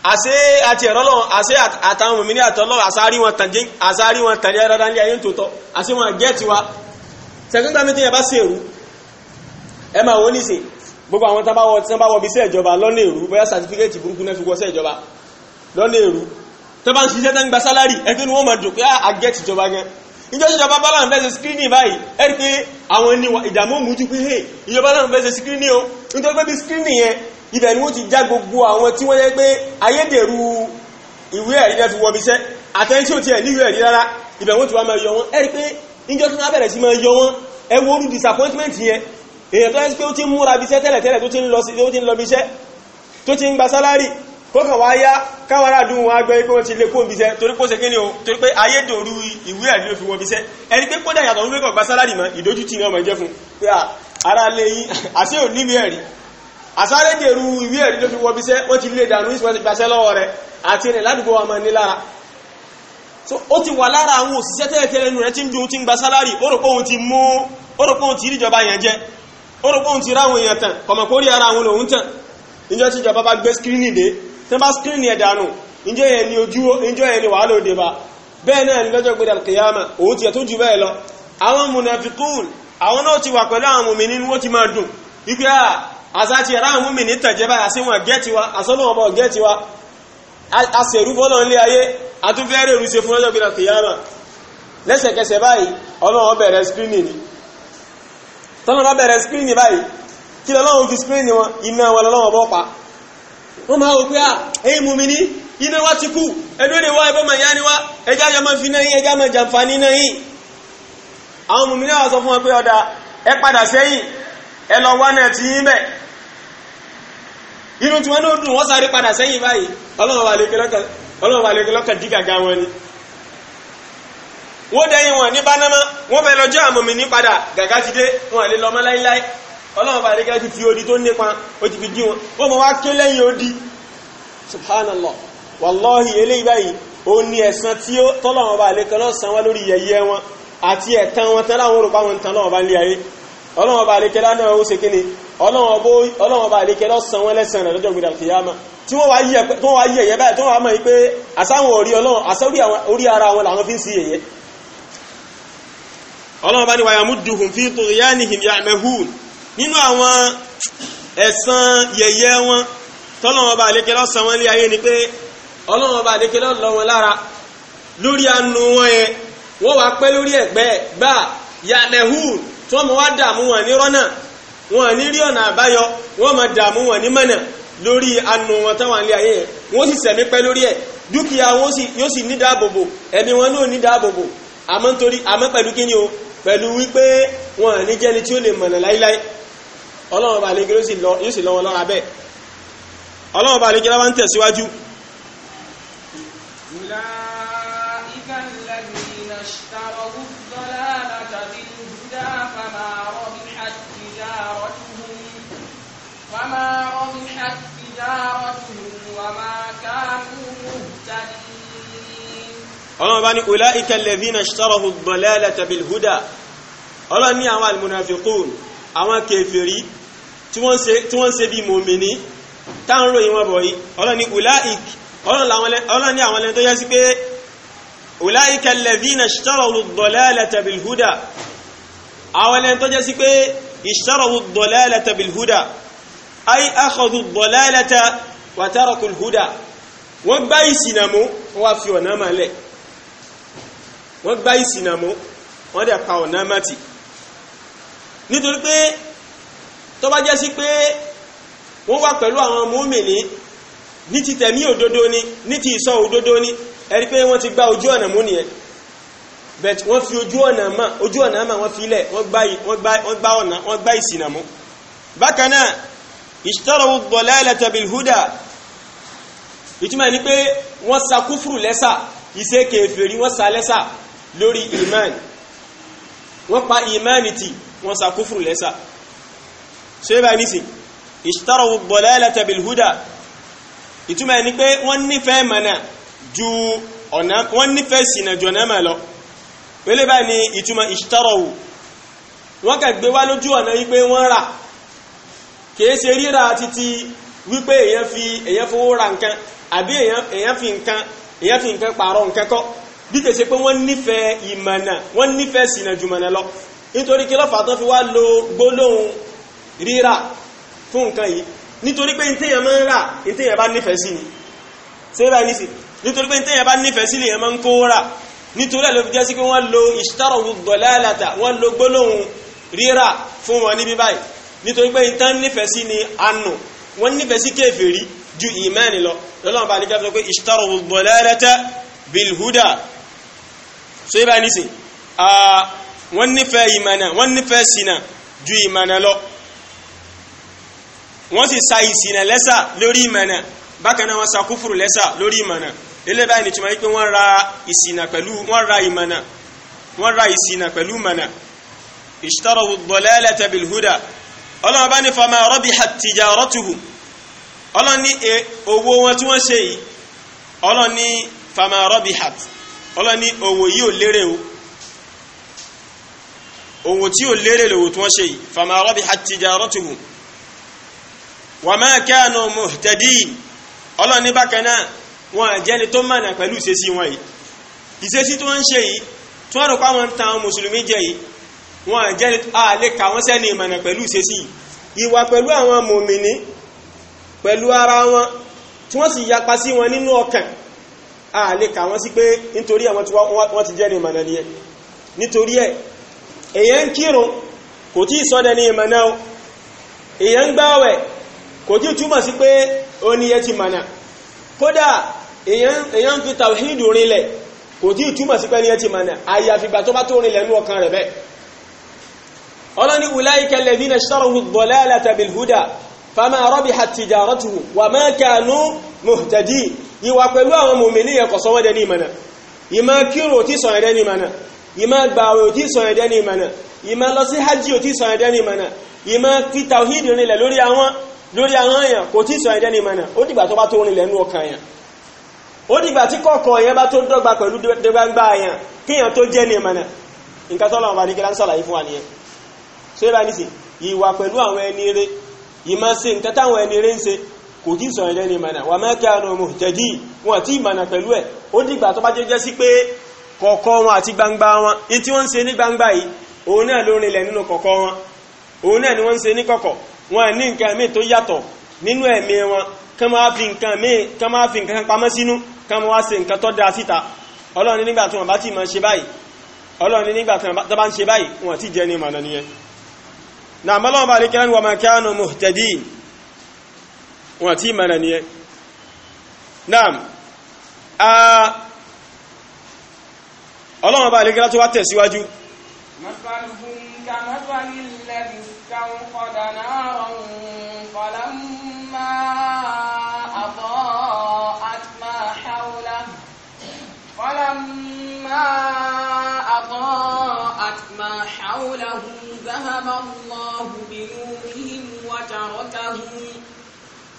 àṣé àti ẹ̀rọ lọ́wọ́ àṣé àtàwọn òmìnir àtọ́lọ́wọ́ àṣárí wọn tàjẹ́ àṣárí wọn tàjẹ́ rárá ní ayé tòótọ́ àṣé wọn gẹ́ tiwa sẹ́gbẹ́gbà mi tí yẹn bá sí èrú ẹ máa wọ́n ní sí gbogbo àwọn tán bá wọ bí sí ìjọba lọ́nà èrú bóyá sàtífíkẹ́tì burúkú náà fi wọ́ sí ìjọba lọ́nà èrú tó bá ń ṣiṣẹ́ tán gba sálárì ẹgbẹ́ ni wọ́n máa dùn pé àgẹ́ ah, tìjọba yẹn ìjọ ìjọba bá láwọn fẹ́ẹ́ ṣe skírínì báyìí ẹ rí pé àwọn ìdààmú mú ju pé ìjọba láwọn fẹ́ẹ́ ṣe skírínì o nítorí pé bí skírínì yẹn ibẹ̀ ni wọ́n ti já gbogbo àwọn tí wọ́n yẹ pé ayédèrú ìwé ẹ̀rí náà fi wọ́n bí sẹ́ àtẹ́ntí ò ti ẹ̀ níwé ẹ̀rí rárá ibẹ̀ wọ́n ti wá máa yọ wọ́n ẹ̀rí pé níjọ́ tí wọ́n bẹ̀rẹ̀ sí máa yọ wọ́n disappointment yẹn èèyàn tó yẹ pé ó ti ń múra bí iṣẹ́ tẹ́lẹ̀ tẹ́lẹ̀ tó ti ń lọ sí tó ti ń lọ bí iṣẹ́ tó ti ń gba sálárì kókàn wá yá káwọn aráàdùn wọn agbẹ́ pé wọ́n ti lè kóhùn bí iṣẹ́ torí pé ó ṣe kí ni o torí pé ayédèrú ìwé ẹ̀rí ló fi wọ́n bí iṣẹ́ ẹni pé kódà yàtọ̀ ń gbé kàn gba sálárì mọ́ ìdójútì ni ọmọ ìjẹ́ fún pé ara lè yí ò níwèé ẹ̀rí àsáré dèrú ìwé ẹ̀rí tó fi wọ bí sẹ́ wọ́n ti lè dànù ìsìnkú ti gbàṣẹ́ lọ́wọ́ rẹ̀ àti rẹ̀ ládùúgbò wa ní lára so ó ti wà lára àwọn òṣìṣẹ́ tẹ́lẹ̀tẹ́lẹ̀ nù rẹ̀ tí ń ju ti ń gba sálárì ó rò pé òun ti mú ó rò ara àwọn lòun tàn níjọ́ tí ìjọba bá gbé skírínì dé ni ojú níjọ́ ni wàá lò dé ni lọ́jọ́ gbé dàlùkìyàmà òun tiẹ̀ tó ju bẹ́ẹ̀ lọ àwọn mùnàfikún àwọn náà ti wà pẹ̀lú àwọn àṣà ti àwọn mìíní tẹ̀jẹ́ báyà sí wọn ọmọ gẹ́ẹ̀tì wa fọ́nà ilé ayé àtúnfẹ́rẹ́ ìrúnṣe fún ọjọ́ gbìnà kìyàmà lẹ́sẹ̀kẹsẹ̀ báyìí ọlọ́run bẹ̀rẹ̀ ni tọ́nà bá bẹ̀rẹ̀ screening báyìí kí lọ́lọ́run fi screening wọn iná wọn lọ́lọ́run bọ́ pa wọ́n máa wò pé à èyí mú mi ní iná wá ti kú ẹdúrè wá ẹbọ́ ni wá ẹjá yọ máa fi náà yín ẹjá máa jàǹfààní náà yín àwọn mùmí náà sọ fún wọn pé ọ̀dà ẹ padà sẹ́yìn ẹ lọ wá náà ti yín bẹ́ẹ̀ inú tí wọ́n náà dùn wọ́n sáré padà sẹ́yìn báyìí ọlọ́run wà lókè wọn ni wọ́n dẹ́yìn wọn ní bánámá wọ́n fẹ́ lọ àmọ̀mí ní padà gàgá ti dé wọn lè lọ láíláí ọlọ́run bá ti fi odi tó nípa ó ti fi dí wọn wọ́n mọ̀ wá ké lẹ́yìn odi wàlọ́hì eléyìí wọn àti ẹ̀tàn wọn ọlọ́wọ́n bá àlékẹ́ lánàá ó ṣe kíni ọlọ́wọ́n bá àlékẹ́ lọ́sàn wọn lẹ́sàn rẹ̀ lọ́jọ́ gbìdà kìyàmá tí wọ́n wá yí ẹ̀yẹ báyìí tó wà mọ̀ pé àsáwọn orí ọlọ́wọ́n àsáwọn orí ara wọn làwọn fi ń sí ẹ̀yẹ ọlọ́wọ́n bá ní wàyà múdùhùn fi tughyanihim ya'mahun nínú àwọn ẹ̀san yẹ̀yẹ́ wọn tọ́lọ́wọ́n bá àlékẹ́ lọ́sàn wọn lé ayé ni pé ọlọ́wọ́n tí wọ́n mọ̀ wá dààmú wọn ní rọ́nà wọn ní rí ọ̀nà àbáyọ wọ́n mọ̀ dààmú wọn ní mọ̀nà lórí anu wọn táwọn ilé ayé yẹn wọ́n sì sẹ̀mí pẹ́ lórí ẹ̀ dúkìá wọn yóò sì ní dáàbòbò ẹ̀mí wọn náà ní dáàbòbò àmọ́ nítorí àmọ́ pẹ̀lú kí ni o pẹ̀lú wípé wọn ní jẹ́ni tí ó lè mọ̀nà láíláí ọlọ́run bá lè gẹ́rẹ́ فما ربحت تجارتهم وما كانوا مهتدين ọlọ́run bá ní ulaika alladhina ishtarahu ad-dalalata bil-huda ọlọ́run ní àwọn al-munafiqun àwọn kèfèrí tí wọ́n ṣe bí mòmìnì táwọn ròyìn wọn bọ̀ yìí ọlọ́run ulaik ọlọ́run àwọn ẹlẹ́ni tó yẹ sí pé ulaika alladhina ishtarahu ad-dalalata bil àwọn ẹlẹ́ni tó yẹ sí pé ishtarahu ad-dalalata ay akhadhu ad-dalalata wa taraku al-huda wọ́n gbá ìsìnà mú wọ́n wá fi ọ̀nà máa lẹ̀ wọ́n gbá ìsìnà mú wọ́n dẹ̀ pa ọ̀nà máa tì nítorí pé tó bá jẹ́ sí pé wọ́n wá pẹ̀lú àwọn mùmínì ti tẹ̀mí òdodo ni ní ti ìsọ òdodo ni ẹ̀rí pé wọ́n ti gbá ojú ọ̀nà mú nìyẹn but wọ́n fi ojú ọ̀nà mà ojú ọ̀nà mà wọ́n fi lẹ̀ wọ́n gbá ìsìnà mú bákan náà ìṣtọ́rọ̀wò bọ̀lẹ́lẹ̀tẹ̀ bilhuda ìtumọ̀ ní pé wọ́n sa kúfùrù lẹ́sà iṣẹ́ kèfèrí wọ́n sa lẹ́sà lórí iman wọ́n pa imanity wọ́n sa kúfùrù lẹ́sà ṣe bá ní sí ìṣtọ́rọ̀wò bọ̀lẹ́lẹ̀tẹ̀ bilhuda ìtumọ̀ ní pé wọ́n nífẹ̀ẹ́ mọ̀nà ju ọ̀nà wọ́n nífẹ̀ẹ́ sínà ju ọ̀nà mà lọ bá ní ìtumọ̀ ìṣtọ́rọ̀wò kìí ṣe ríra títí wípé èèyàn fi èèyàn fowó ra nǹkan àbí èèyàn fi nǹkan èèyàn fi nǹkan pààrọ̀ nǹkan kọ́ bí kìí ṣe pé wọ́n nífẹ̀ẹ́ ìmọ̀nà wọ́n nífẹ̀ẹ́ sìnà jùmọ̀nà lọ nítorí kí lọ́fà tó fi wá lo gbólóhùn ríra fún nǹkan yìí nítorí pé ìtẹ́yàn máa ń rà ìtẹ́yàn bá nífẹ̀ẹ́ sí ni ṣé báyìí nísì nítorí pé ìtẹ́yàn bá nífẹ̀ẹ́ sí lèèyàn máa ń kó rà nítorí ẹ̀ ló fi jẹ́ sí pé wọ́n lo ìṣtàrọ̀ gbọ̀lá àlàtà wọ́n lo gbólóhùn ríra fún wọn níbí báyìí nítorí pé ìtàn nífẹ̀ẹ́ sí ni anù wọ́n nífẹ̀ẹ́ sí kéfèrí ju ìmánì lọ lọ́lọ́run bá nígbà sọ pé ìṣtọ́rọ̀ bọ̀lẹ́rẹ́tẹ́ bilhuda so ibà nísìn wọ́n nífẹ̀ẹ́ ìmánà wọ́n nífẹ̀ẹ́ sínà ju ìmánà lọ wọ́n sì sa ìsìnà lẹ́sà lórí ìmánà bákan náà wọ́n sa kúfùrù lẹ́sà lórí ìmánà ilé báyìí ni túmọ̀ wípé wọ́n ra ìsìnà pẹ̀lú wọ́n ra ìmánà wọ́n ra ìsìnà pẹ̀lú ìmánà ìṣtọ́rọ̀ bọ̀lẹ́rẹ́tẹ́ bilhuda ọlọ́run bá ní fama rabihat tijaratuhu ọlọ́run ní e, owó wọn tí wọ́n ṣe yìí ọlọ́run ní fama rabihat ọlọ́run ní owó yìí ò lérè o owó tí ò lérè lówó tí wọ́n ṣe yìí fama rabihat tijaratuhu wa ma kanu muhtadin ọlọ́run ní bákan náà wọn àjẹni tó mànà pẹ̀lú ìṣesí wọn yìí ìṣesí tí wọ́n ń ṣe yìí tí wọ́n rò pé àwọn ń mùsùlùmí jẹ yìí wọn jẹ́ àlè kà wọ́n sẹ́ni ìmọ̀nà pẹ̀lú ìṣesí ìwà pẹ̀lú àwọn mòmìnì pẹ̀lú ara wọn tí wọ́n sì yapa sí wọn nínú ọkàn àlè kà wọ́n sí pé nítorí àwọn tí wọ́n ti jẹ́ ní ìmọ̀nà nìyẹn nítorí ẹ̀ èyàn ń kírun kò tí ìsọ́dẹ ní ìmọ̀nà o èyàn ń gbáwẹ̀ kò tí túmọ̀ sí pé ó níyẹ ti mọ̀nà kódà èyàn ń fi tàwíìdù rinlẹ̀ kò tí túmọ̀ sí pé níyẹ ti mọ̀nà àyàfìgbà tó bá tó rinlẹ̀ nú ọkàn rẹ̀ bẹ́ẹ̀ ọlọ́ni wùláìkà lẹ́dínà ṣọ́rọ̀hù dọ̀lálàtà bilhuda fama rabihat tijaratuhu wa ma kanu muhtadi ìwà pẹ̀lú àwọn mùmìnì yẹ kọ̀sọ́wọ́dẹ ní ìmọ̀nà ìmá kírò tí sọ ẹ̀dẹ́ ní ìmọ̀nà ìmá gbàwẹ̀ tí sọ ẹ̀dẹ́ ní ìmọ̀nà ìmá lọ sí hajj tí sọ ẹ̀dẹ́ ní ìmọ̀nà ìmá fi tawhid rinlẹ̀ lórí àwọn lórí àwọn tó bá bá ní kí lá fún wa ṣé bá ní sè ìwà pẹ̀lú àwọn ẹni rẹ ìmọ̀ ṣe nǹkan táwọn ẹni rẹ ń ṣe kò tí sọ̀rọ̀ ẹ̀dẹ́ ni mana wà ma kanu muhtadin wọn àti ìmànà pẹ̀lú ẹ̀ ó dìgbà tó bá jẹ́jẹ́ sí pé kọ̀ọ̀kọ́ wọn àti gbangba wọn ní wọ́n ń ní gbangba yìí òun ni wọ́n ń ṣe ní kọ̀kọ̀ wọn ní nǹkan míì tó yàtọ̀ nínú ẹ̀mí wọn kán máa fi nǹkan míì kán máa fi nǹkan pamọ́ sínú kán máa ṣe nǹkan tó da síta ọlọ́run nígbà tí wọ́n bá ti máa ṣe báyìí ọlọ́run nígbà tí wọ́n bá ń ṣe báyìí wọn àti jẹ́ ní ìmànà nìyẹn na mọ́lọ́wọ́ bá alékẹ́ wa ma kanu muhtadin wọ́n tí mana ni ẹ́ naam a ọlọ́wọ́ bá alékẹ́ tó wá tẹ̀síwájú فلما أضاءت ما حوله ذهب الله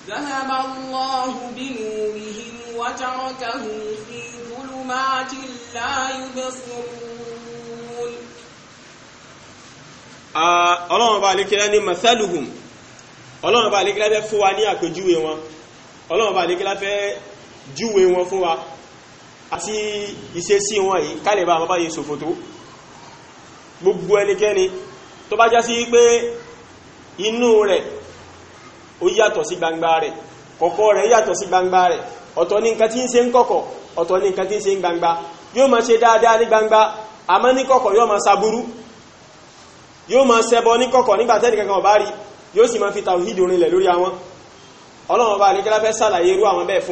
ذهب الله بنورهم وتركهم في ظلمات لا يبصرون ọlọ́run bá alékẹ́lá ní mathaluhum ọlọ́run bá alékẹ́lá fẹ́ fún wa ní àpèjúwe wọn ọlọ́run bá alékẹ́lá fẹ́ júwe wọn fún wa àti ìṣesí wọn yìí kálẹ̀ bá bá yẹ sòfòtó gbogbo ẹnikẹ́ni tó bá já pé inú rẹ̀ ó yàtọ̀ sí gbangba rẹ̀ kọ̀kọ̀ rẹ̀ yàtọ̀ sí gbangba rẹ̀ ọ̀tọ̀ ní nǹkan tí ń ṣe ń kọ̀kọ̀ ọ̀tọ̀ ní nǹkan tí ń ṣe ń gbangba yóò máa ṣe dáadáa ní gbangba àmọ́ ní kọ̀kọ̀ yóò máa saburú yóò máa ṣẹbọ ní kọ̀kọ̀ nígbà tẹ́nì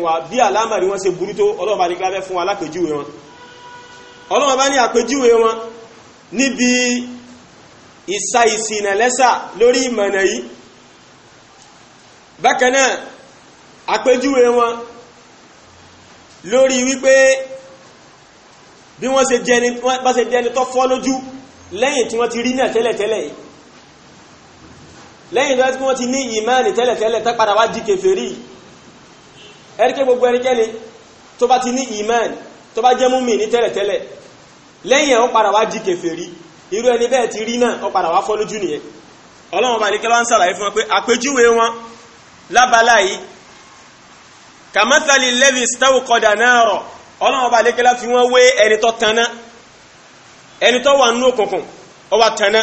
wa bí àlámàrí wọn ṣe wa lápèjúwe wọn ọlọ́run ọba ní àpèjúwe wọn níbi ìsa ìsìnà lẹ́sà lórí ìmọ̀nà yìí bákan náà àpèjúwe wọn lórí wípé bí wọ́n ṣe jẹni bá ṣe jẹni tó fọ́ lójú lẹ́yìn tí wọ́n ti rí náà tẹ́lẹ̀tẹ́lẹ̀ yìí lẹ́yìn tí wọ́n ti ní ìmáàni tẹ́lẹ̀tẹ́lẹ̀ tá padà wá di kèfèrí ẹ̀ríkẹ́ gbogbo ẹnikẹ́ni tó bá ti ní ìmáàni tó bá jẹ́ múmi ní tẹ́lẹ̀tẹ́lẹ̀ lẹ́yìn ó padà wá di kèfèrí irú ẹni bẹ́ẹ̀ ti rí náà ó padà wá fọ́ lójú nìyẹn ọlọ́run bá ní kẹ́lọ́ lábala yìí kàmásàlì lẹ́bí stawqada nara ọlọ́run ọba àdékẹ́lá fi wọ́n wé ẹni tó tanná ẹni tó wà nínú òkùnkùn ó wá tanná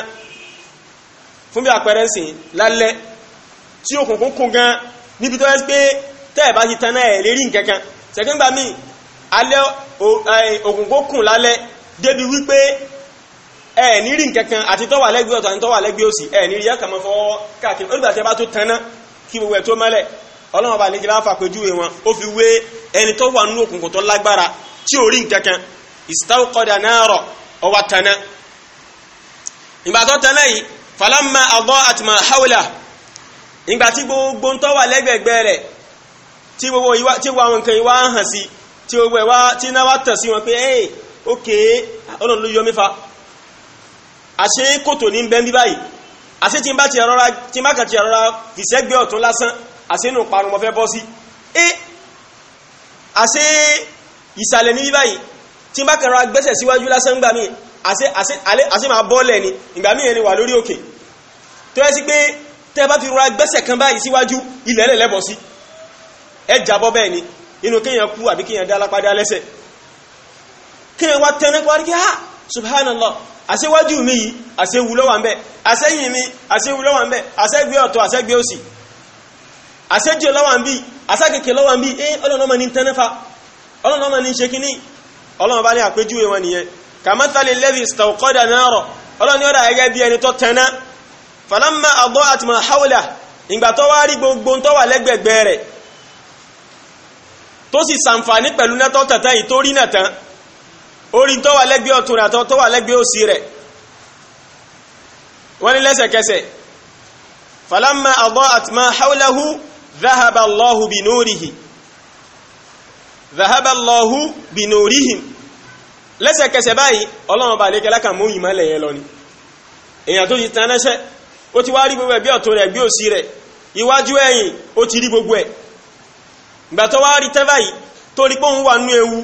fún bí àpẹẹrẹ ń sìn lálẹ́ tí òkùnkùn kún gan níbi tó yẹ pé tẹ́ ẹ̀ bá ti tanná ẹ̀ lérí nkankan sẹ́gbẹ́ngbà míì alẹ́ òkùnkùn kún lálẹ́ débi wípé ẹ̀ ní rí nkankan àti tó wà lẹ́gbẹ̀ẹ́ ọ̀tọ̀ àti tó wà lẹ́gbẹ̀ẹ́ òsì ẹ̀ ní rí ẹ̀ kàmọ́ fọ́ káàkiri olùgbàtẹ́ bá tó tanná kí gbogbo ẹ̀ tó mẹ́lẹ̀ ọlọ́run bá nígbà fàpéjúwe wọn ó fi wé ẹni tó wà nínú òkùnkùn tó lágbára tí ò rí nkankan istawqada nara ọwà tẹ̀nẹ́ ìgbà tó tẹ̀nẹ́ yìí falamma adaat ma hawla ìgbà tí gbogbo tó wà lẹ́gbẹ̀gbẹ̀ rẹ̀ tí gbogbo àwọn nǹkan ìwà hàn sí tí gbogbo ẹ̀wà tí náà wà tẹ̀ sí wọn pé ẹ̀ ókè ọlọ́run ló yọ mẹ́fà àṣẹ kòtò ní bẹ́ẹ̀ bí àṣé tí n bá ti rọra tí n bá kàn ti rọra ìṣẹ́gbẹ́ ọ̀tún lásán àṣé inú parun mo fẹ́ bọ́ sí ẹ àṣé ìsàlẹ̀ ní báyìí tí n bá kàn rọra gbẹ́sẹ̀ síwájú lásán gbà mí àṣé àṣé àṣé máa bọ́ọ̀lẹ̀ ni ìgbà mí yẹn ni wà lórí òkè tó yẹ sí pé tẹ́ bá fi rọra gbẹ́sẹ̀ kan báyìí síwájú ilẹ̀ ẹ̀lẹ̀ lẹ́bọ̀ sí ẹ jábọ́ bẹ́ẹ̀ ni inú kéèyàn kú àbí kéèyàn dá lápá dá lẹ́sẹ̀ kéèyàn wá tẹ́ná wá rí kí á ah, subhanallah àṣewájú mi yìí àṣewu ló wà ń bẹ àṣẹ́yìn mi àṣewu ló wà ń bẹ àṣẹ́gbé ọ̀tọ̀ àṣẹ́gbé òsì àṣẹ́jì ló wà ń bí àṣẹ́kèké ló wà ń bí ẹ ọlọ́run ọmọ ní tẹ́nẹ́fà ọlọ́run ọmọ ní ṣe kínní ọlọ́run bá ní àpéjúwe wọn nìyẹn kàmáńtàlẹ̀ lẹ́bí stọ̀kọ́dà náà rọ̀ ọlọ́run yọ̀dà gẹ́gẹ́ bí ẹni tó tẹ́ná falamma àgbọ́ àti mọ̀ hawla ìgbà tó wá rí gbogbo tó wà lẹ́gbẹ̀gbẹ̀ rẹ̀ tó sì sàǹfààní pẹ̀lú nẹ́tọ́ tẹ̀tẹ̀ ìtórí nàtàn orí tó wà lẹ́gbẹ́ ọ̀tún rẹ̀ àtọ́ tó wà lẹ́gbẹ́ òsì rẹ̀ wọ́n ní lẹ́sẹ̀kẹsẹ̀ falamma ada'at ma hawlahu dhahaba Allahu bi nurihi dhahaba Allahu bi nurihim lẹ́sẹ̀kẹsẹ̀ báyìí ọlọ́run bá lékẹ́ lákà mú ìmọ́lẹ̀ yẹn lọ ni èèyàn tó ti tanẹ́sẹ́ ó ti wá rí gbogbo ẹ̀gbẹ́ ọ̀tún rẹ̀ ẹ̀gbẹ́ òsì rẹ̀ iwájú ẹ̀yìn ó ti rí gbogbo ẹ̀ gbà wá rí tẹ́báyìí torí pé òun wà nú ewu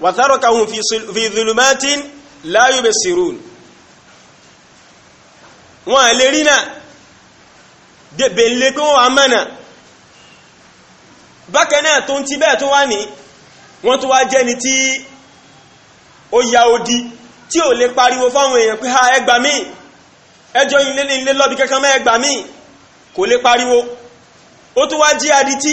وتركهم في ظلمات لا يبصرون wọ́n lè rí náà dẹ̀bẹ̀ lè pé wọ́n àmànà bákan náà tó ń ti bẹ́ẹ̀ tó wá ní wọ́n tó wá jẹ́ni tí ó ya odi tí ò lè pariwo fáwọn èèyàn pé ha ẹ mí ẹjọ́ ilé lọ́bí mẹ́ ẹ mí kò lè pariwo ó tó wá jí adití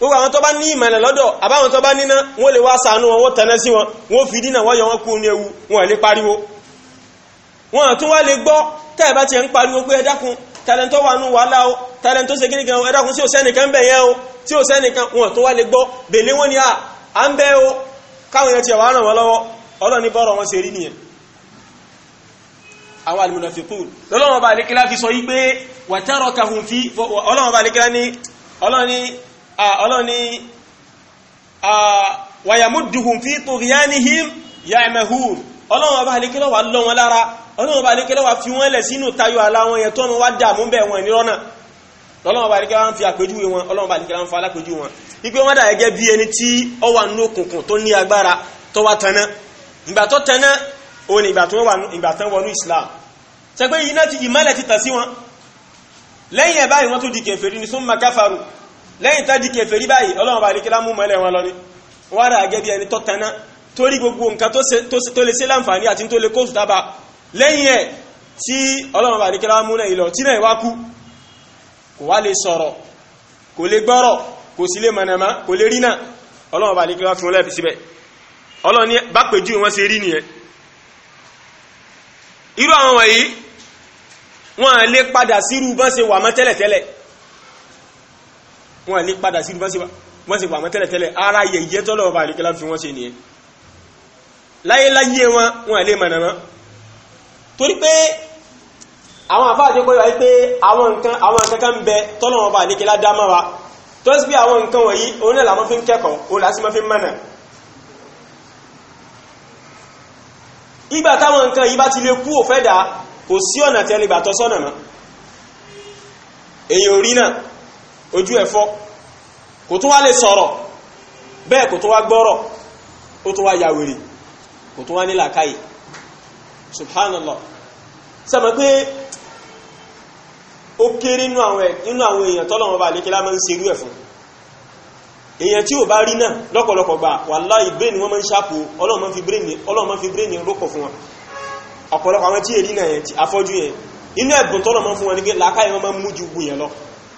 gbogbo àwọn tó bá ní ìmọ̀lẹ̀ lọ́dọ̀ àbáwọn tó bá níná wọ́n lè wá sàánú wọn wọ́n tẹ̀lé sí wọn wọ́n fi dínà wọ́n yọ wọn kú ní ewu wọn lè pariwo wọn tún wá lè gbọ́ tẹ́ẹ̀bá ti ẹ̀ ń pariwo pé ẹ dákun tẹ́lẹ̀ntọ́ wà nù wàhálà o tẹ́lẹ̀ntọ́ ṣe kíníkan ẹ dákun ni à à ń bẹ́ o káwọn yẹn ti wà ràn wọ́n lọ́wọ́ ọlọ́ni bọ́rọ̀ wọn ṣe ọlọ́ni wàyàmúdùhùn fi tughyanihim ya'mahun ọlọ́run ọba àlékélọ́ wà lọ wọn lára ọlọ́run ọba àlékélọ́ wà fi wọ́n lẹ̀ sínú tayọ àlá wọn yẹn tó wọn wá dààmú bẹ̀ wọn ìnirọ́nà ọlọ́run ọba àlékélọ́ ti ìmọ́lẹ̀ ti tàn sí wọn lẹ́yìn ẹ̀ báyìí wọ́n di kèfèrí ni summa kafaru lẹ́yìn tá di kefe báyìí ọlọ́run bá lè kí lámú mọ́lẹ̀ wọn lọ ní wọ́n rà gẹ́bí ẹni tó torí gbogbo nǹkan tó lè ṣe láǹfààní àti tó lè kóòtù tábà lẹ́yìn ẹ̀ tí ọlọ́run bá lè kí lámú náà ìlọ tí náà ìwá kú kò wá lè sọ̀rọ̀ kò lè gbọ́rọ̀ kò sí lè mọ̀nàmá kò lè rí náà ọlọ́run bá lè kí wá fún wọn lè padà sí wọ́n sì wà mọ́ tẹ́lẹ̀tẹ́lẹ̀ ara yẹ̀yẹ́ tọ́lọ̀ ọba àríkẹ́lá fi wọ́n ṣe nìyẹn láyéláyé wọn wọn lè mọ̀nà mọ́ torí pé àwọn àfáàjẹ́ pé wáyé pé àwọn nǹkan àwọn nǹkan kan bẹ tọ́lọ̀ ọba àríkẹ́lá dámọ́ wa tó sì bí àwọn nǹkan wọ̀nyí òun náà làwọn fi ń kẹ́kọ̀ọ́ òun làásì máa fi ń mọ̀nà ìgbà táwọn nǹkan yìí bá ti lè kú òfẹ́ dà kò sí ọ̀nà tẹ́lẹ̀ gbà tọ́ sọ́nà mọ́ èèyàn rí náà ojú ẹ̀ fọ́ kò tún wá lè sọ̀rọ̀ bẹ́ẹ̀ kò tún wá gbọ́rọ̀ ó tún wá ya wèrè kò tún wá ní làákàyè subhanallah sẹ́mi pé ó kéré nínú àwọn èèyàn tọ́lọ́wọ́n bá lékelá máa ń serú ẹ̀ fún èèyàn tí ò bá rí náà lọ́pọ̀lọpọ̀ gbà wallahi brain wọ́n máa ń ṣàpò ọlọ́run máa fi brain ọlọ́run máa fi brain rọ́pọ̀ fún wọn ọ̀pọ̀lọpọ̀ àwọn tí èrí náà yẹn afọ́jú yẹn inú ẹ̀bùn tọ́lọ́run máa fún wọn ní pé làákàyè wọn máa ń mú ju gbìyàn lọ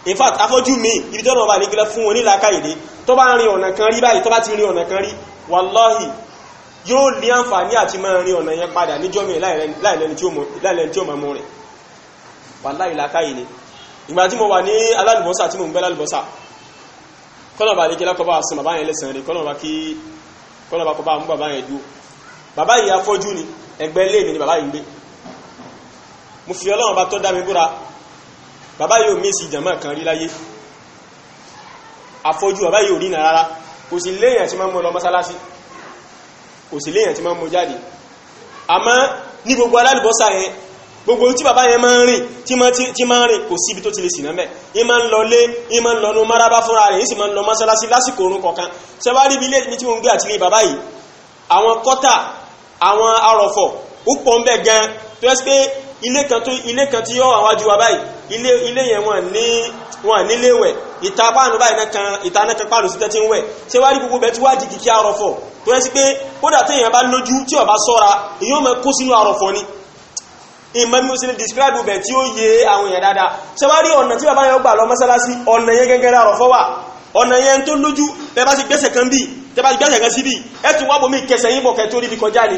in fact afọ́jú mi ibi tọ́nà ọba nígbẹ́lẹ́ fún wọn nílá káyìdé tó bá rin ọ̀nà kan rí báyìí tó bá ti rin ọ̀nà kan rí wàláhì yóò ní àǹfààní àti máa rin ọ̀nà yẹn padà níjọ́ mi láìlẹ́ni tí ó mọ̀ mọ́ rẹ̀ wàláhì lákáyìdé ìgbà tí mo wà ní alálùbọ́sà tí mo ń bẹ́ lálùbọ́sà kọ́nà bá nígbẹ́lẹ́ kọ́ bá sọ bàbá yẹn lẹ́sàn rẹ̀ kọ́nà bá kọ́ bá mú bàbá yẹn dúró bàbá yìí afọ́jú ni ẹgbẹ́ lé mi ni bàbá yìí ń gbé mo fi Ọlọ́run bá tọ́ dá mi búra bàbá yóò mísì jàmá kan rí láyé afọ́jú bàbá yóò rí nà rárá kò sí léèyàn tí máa mọ́ lọ mọ́sálásí kò sí léèyàn tí máa mọ́ jáde àmọ́ ní gbogbo alálùbọ́sà yẹn gbogbo tí bàbá yẹn máa ń rìn tí máa ń rìn kò síbi tó ti lè sì náà mẹ́ yín máa ń lọ lé yín máa ń lọ nú máraba fúnra rẹ̀ yín sì máa ń lọ mọ́sálásí lásìkò orun kọ̀ọ̀kan ṣẹ́wárí bí ilé mi tí mo ń gbé àtìlé bàbá yìí àwọn kọ́tà àwọn arọ̀fọ̀ ó pọ̀ ń bẹ̀ gan tó yẹ pé ilé kan tó ilé kan tí yọ àwájú wa báyìí ilé ilé yẹn wọn ní wọn nílé wẹ̀ ìta páànù báyìí náà kan ìta náà kan páànù sí tẹ́tí ń wẹ̀ ṣé wá rí gbogbo bẹ́ẹ̀ tí wá di kìkì àrọ̀fọ̀ tó yẹ sí pé kódà téèyàn bá lójú tí ó bá èyí ó máa kó sínú àrọ̀fọ̀ ni ìmọ̀ bí mo ṣe lè describe bẹ̀ tí ó yé àwọn èèyàn dáadáa ṣé wá rí ọ̀nà tí bàbá yẹn gbà lọ mọ́sálásí ọ̀nà yẹn gẹ́gẹ́ àrọ̀fọ̀ wà ọ̀nà yẹn tó lójú bẹ́ẹ̀ bá ti bomi kẹsẹ̀ yín bọ̀ kẹ́ tó rí bí kọjá ni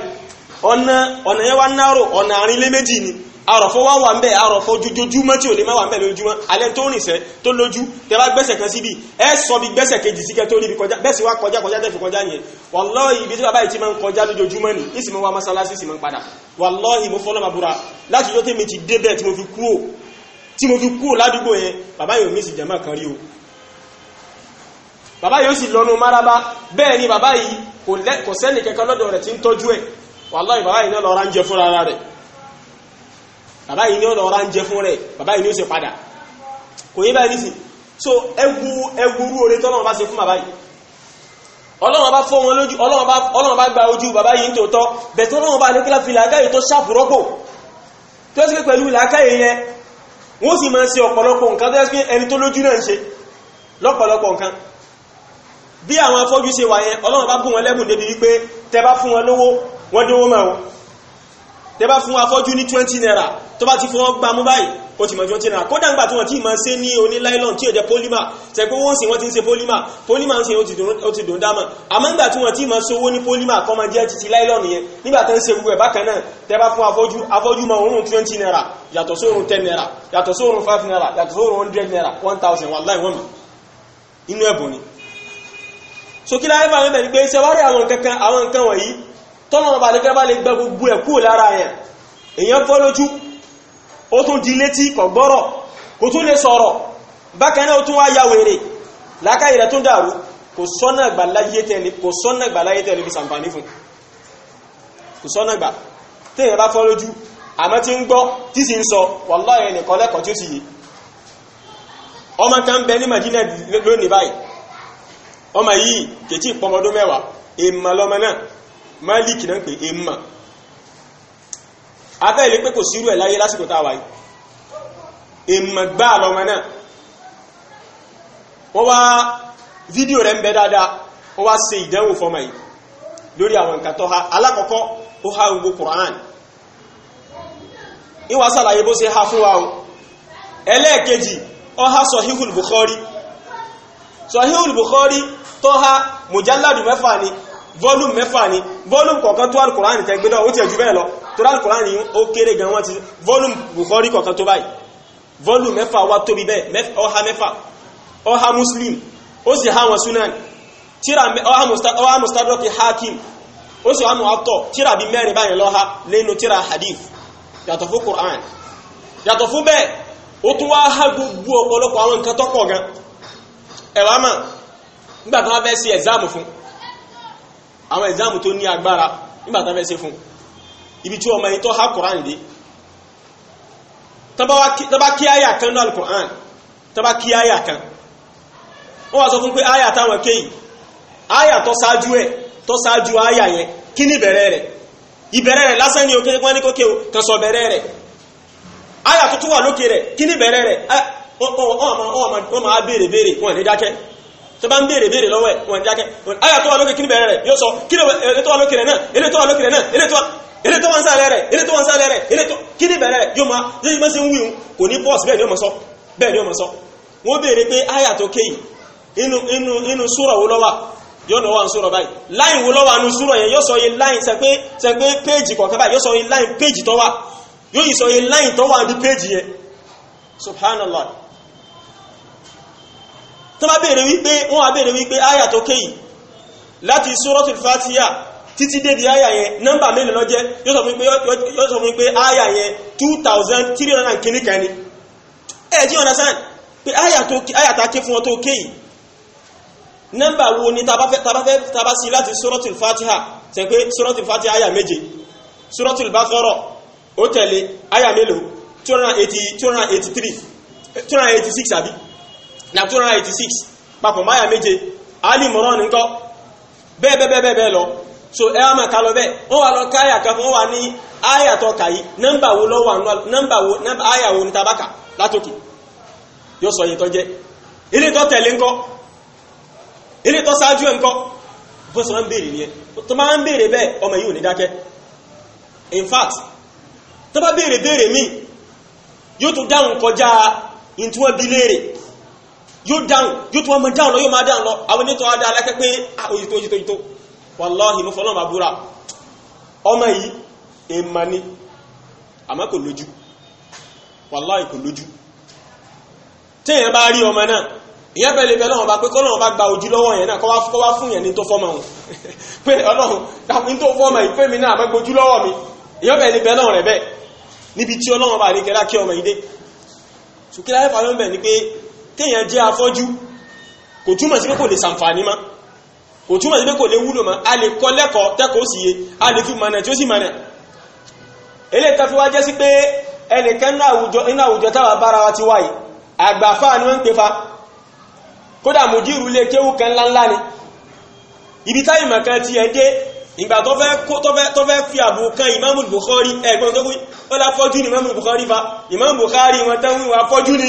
ọ̀nà ọ̀nà yẹn àrọ̀fọ́ wá wà ń bẹ̀ àrọ̀fọ́ jójójúmọ́ tí ò lè má wà ń bẹ̀ lójúmọ́ alẹ́ tó rìnṣẹ́ tó lójú tẹ́bá gbẹ́sẹ̀ kan síbi ẹ sọ bí gbẹ́sẹ̀ kejì sí kẹ́ tó rí bí kọjá bẹ́ẹ̀ sì wá kọjá kọjá tẹ́fì kọjá yẹn wàlọ́ọ̀hì ibi tí bàbá yìí ti máa ń kọjá lójoojúmọ́ ni ìsì mọ́ wa mọ́sálásí sì máa ń padà wàlọ́ọ̀hì mo fọ́lọ́ màbúra láti yóò tèmi ti débẹ̀ tí mo fi kúrò tí mo fi kúrò ládùúgbò yẹn bàbá yóò mísì jàmá kan rí o bàbá yóò sì lọ́nu máraba bẹ́ẹ̀ ni bàbá yìí kò sẹ́nì kẹ́kọ́ lọ́dọ̀ rẹ̀ ti ń tọ́jú ẹ̀ wàlọ́ọ̀hì bàbá yìí náà lọ ránjẹ fúnra rẹ̀ Baba yìí ní ọ̀nà ọ̀rá ń jẹ fún rẹ̀ bàbá yìí ní ó sì padà kò yí báyìí nísìn so ẹwu ẹwurú oore tọ́lọ́wọ́n bá ṣe fún bàbá yìí ọlọ́wọ́n bá fọ́ wọn lójú ọlọ́wọ́n bá gba ojú bàbá yìí ń tòótọ́ bẹ̀tọ́ ọlọ́wọ́n bá nípínlẹ̀ fi làákàyè tó ṣàbùrọ́pò tó yẹ sí pé pẹ̀lú làákàyè yẹn wọ́n sì máa ṣe ọ̀pọ̀lọpọ̀ nǹkan tó yẹ sí pé ẹni tó lójú náà ń ṣe lọ́pọ̀lọpọ̀ nǹkan bí àwọn afọ́jú ṣe wà ọlọ́wọ́n bá bù wọn lẹ́bùn débi wípé tẹ bá fún wọn lówó wọ́n dówó máa wọn tẹ́ bá fún afọ́jú ní twenty naira tó bá ti fọwọ́ gbà mú báyìí ó ti mọ̀ twenty naira kódà ńgbà tí wọ́n ti máa ṣe ní oní nylon tí ò jẹ́ polymer tẹ́ pé wọ́n sì wọ́n ti ń ṣe polymer polymer ń se ó ti dùn dámọ̀ àmọ́ ńgbà tí wọ́n ti máa ṣòwò ní polymer kọ́ máa jẹ́ títí nylon yẹn nígbà tó ń ṣe gbogbo ẹ̀ bákan náà tẹ́ bá fún afọ́jú afọ́jú máa òórùn twenty naira yàtọ̀ sóòrùn ten naira yàtọ̀ sóòrùn five naira yàtọ̀ sóòrùn hundred naira one thousand wàláì wọ́n mi inú ẹ̀bùn ni so kí láyé fà mí bẹ̀ ni pé ṣe wá rí àwọn nǹkan àwọn nǹkan wọ̀nyí tọ́lọ̀rọ̀ bá lè gẹ́gẹ́ bá lè gbẹ gbogbo ẹ̀ kúrò lára yẹn èyàn fọ́ lójú ó tún di létí kò kò tún lè sọ̀rọ̀ bákan náà tún wá ya wèrè lákàyè rẹ̀ tún dàrú kò sọ́nà ìgbà láyé tẹ́lẹ̀ kò sọ́nà ìgbà láyé tẹ́lẹ̀ fi sàǹfààní fún kò sọ́nà ìgbà téèyàn bá fọ́ lójú àmọ́ tí ń gbọ́ tí sì ń sọ wallahi nìkan lẹ́kọ̀ọ́ tí ó sì yé ọmọ kan bẹ ní Madina lónìí báyìí ọmọ yìí kètí ìpọmọdún mẹ́wàá èèmà náà Málíkì náà pè é mà abẹ́ẹ̀lẹ́ pé kò sírú ẹ̀ láyé lásìkò táwa yìí èèmọ̀ gbá àlọ́mọ náà wọ́n wá fídíò rẹ̀ ń bẹ dáadáa wọ́n wá ṣe ìdánwò fọ́mọ yìí lórí àwọn nǹkan tó ha alákọ̀ọ́kọ́ ó ha gbogbo Kùránì ìwà sàlàyé bó ṣe ha fún wa o ẹlẹ́ẹ̀kejì ó ha Sahihul Bukhari Sahihul Bukhari tó ha mùjáládù mẹ́fà ni volume mẹ́fà ni volume kọ̀ọ̀kan tó alukùránì tẹgbẹ́lọ́ ó ti ẹ̀jú bẹ́ẹ̀ lọ tó alukùránì ó kéré gan wọ́n ti volume Bukhari kọ̀ọ̀kan tó báyìí volume mẹ́fà wá tóbi bẹ́ẹ̀ ọha mẹ́fà ọha Muslim ó sì ha wọn sunan tíra ọha mustadrọ́kì hakim ó sì wà mú atọ́ tíra bí mẹ́rin báyìí lọ́ha lẹ́nu tíra hadith yàtọ̀ fún yàtọ̀ fún bẹ́ẹ̀ ó tún wá ha gbogbo ọ̀pọ̀lọpọ̀ àwọn nǹkan tọ́pọ̀ gan ẹ̀wà mà nígbà àwọn exam tó ní agbára nígbà tán ibi tí ọmọ yìí ha há dé tán kí kan náà Quran tán kí àyà kan wọ́n wá sọ fún pé àyà táwọn kéyìí àyà tó ṣáájú ẹ̀ tó ṣáájú àyà yẹn kí o ní o bẹ̀rẹ̀ rẹ̀ ìbẹ̀rẹ̀ rẹ̀ tó bá ń béèrè béèrè lọ́wọ́ ẹ̀ wọ́n jákẹ́ ayà tó wà lókè kíní bẹ̀rẹ̀ rẹ̀ yóò sọ kí lè tó wà lókè rẹ̀ náà ilé tó wà lókè rẹ̀ náà ilé tó wà ń sàlẹ̀ rẹ̀ ilé tó wà ń sàlẹ̀ rẹ̀ ilé tó kíní bẹ̀rẹ̀ rẹ̀ yóò máa yóò máa ṣe ń wíhun kò ní bọ́ọ̀sì bẹ́ẹ̀ ni ó máa sọ bẹ́ẹ̀ ni ó máa sọ wọ́n béèrè pé ayà tó kéyì inú inú inú súrọ̀ wo lọ́wà yóò lọ́wọ́ àwọn súrọ̀ báyìí láì wo lọ́wọ́ àwọn súrọ̀ yẹn yóò sọ yẹ láì sẹ pé sẹ pé péèjì kọ̀ọ̀kan báyìí yóò sọ yẹ láì péèjì tó wà yóò yìí sọ yẹ láì tó wà ní péèjì yẹn subhanallah tó bá béèrè wípé wọ́n á béèrè wípé àyà tó kéyì láti suratul fatiha títí dé di àyà yẹn nọ́mbà mélòó ló jẹ́ yóò sọ fún pé yóò sọ fún pé àyà yẹn two thousand three hundred and kìíní kan ni ẹ̀ jí understand pé àyà tá ké fún ọ tó kéyì nọ́mbà wo ni tàbá sí láti suratul fatiha tẹ̀ pé suratul fatiha àyà méje suratul baqara ó tẹ̀lé àyà mélòó two hundred and eighty two hundred and eighty three two hundred eighty six àbí na 286 papọ̀ máyà méje alì mọ̀rán ní kọ́ bẹ́ẹ̀bẹ́ẹ̀bẹ́ẹ̀ lọ so ẹ wá máa ka lọ bẹ́ẹ̀ wọ́n wá lọ ká àyà kan fún wa ní àyà tó kà yìí nọ́mbà wo lọ́wọ́ àwọn nọ́mbà wo àyà wo ní tabaka látòkè yóò sọ yìí tó jẹ́ ilé tó tẹ̀lé ńkọ́ ilé tó ṣáájú ẹ̀ ńkọ́ bó ṣe ń béèrè nìyẹn tó máa ń béèrè bẹ́ẹ̀ ọmọ yìí ò ní dákẹ́ in fact tó bá béèrè béèrè míì yóò tún dáhùn kọjá ìtúwọ́n bí léèrè yóò dáhùn yóò tún ọmọ dáhùn lọ yóò máa dáhùn lọ àwọn onítọ̀ adá alákẹ́ pé òyìtó òyìtó òyìtó wàláhì mú fọlọ́mà búra ọmọ yìí èèmà ni àmọ́ kò lójú wàláhì kò lójú téèyàn bá rí ọmọ náà ìyẹn bẹ̀rẹ̀ bẹ̀rẹ̀ ọ̀bá pé bá gba ojú lọ́wọ́ yẹn náà kọ́ wá fún yẹn ní tó fọ́mọ òun [laughs] pé ọlọ́run ní tó fọ́mọ yìí pé mi náà bá gbojú lọ́wọ́ mi ìyẹn níbi tí ọlọ́run bá rí kí ọmọ yìí dé bẹ̀ ni pé téèyàn jẹ́ afọ́jú kò túmọ̀ sí pé kò lè sàǹfààní mọ́ kò túmọ̀ sí pé kò lè wúlò mọ́ a lè kọ́ lẹ́kọ̀ọ́ tẹ́kọ̀ọ́ sì yé a lè fi mọ̀nà tí ó sì mọ̀nà eléyìí tó jẹ́ sí pé ẹnìkan nínú àwùjọ wa ti wáyé fa kódà mùdírù lè kéwù kan ńláńlá ni ibi táyì mọ̀kan ti ẹ̀ dé ìgbà tó fẹ́ fi àbò kan ìmáàmù Bukhari ẹ̀gbọ́n tó kú ó lá fọ́jú ni ìmáàmù wọn fọ́jú ni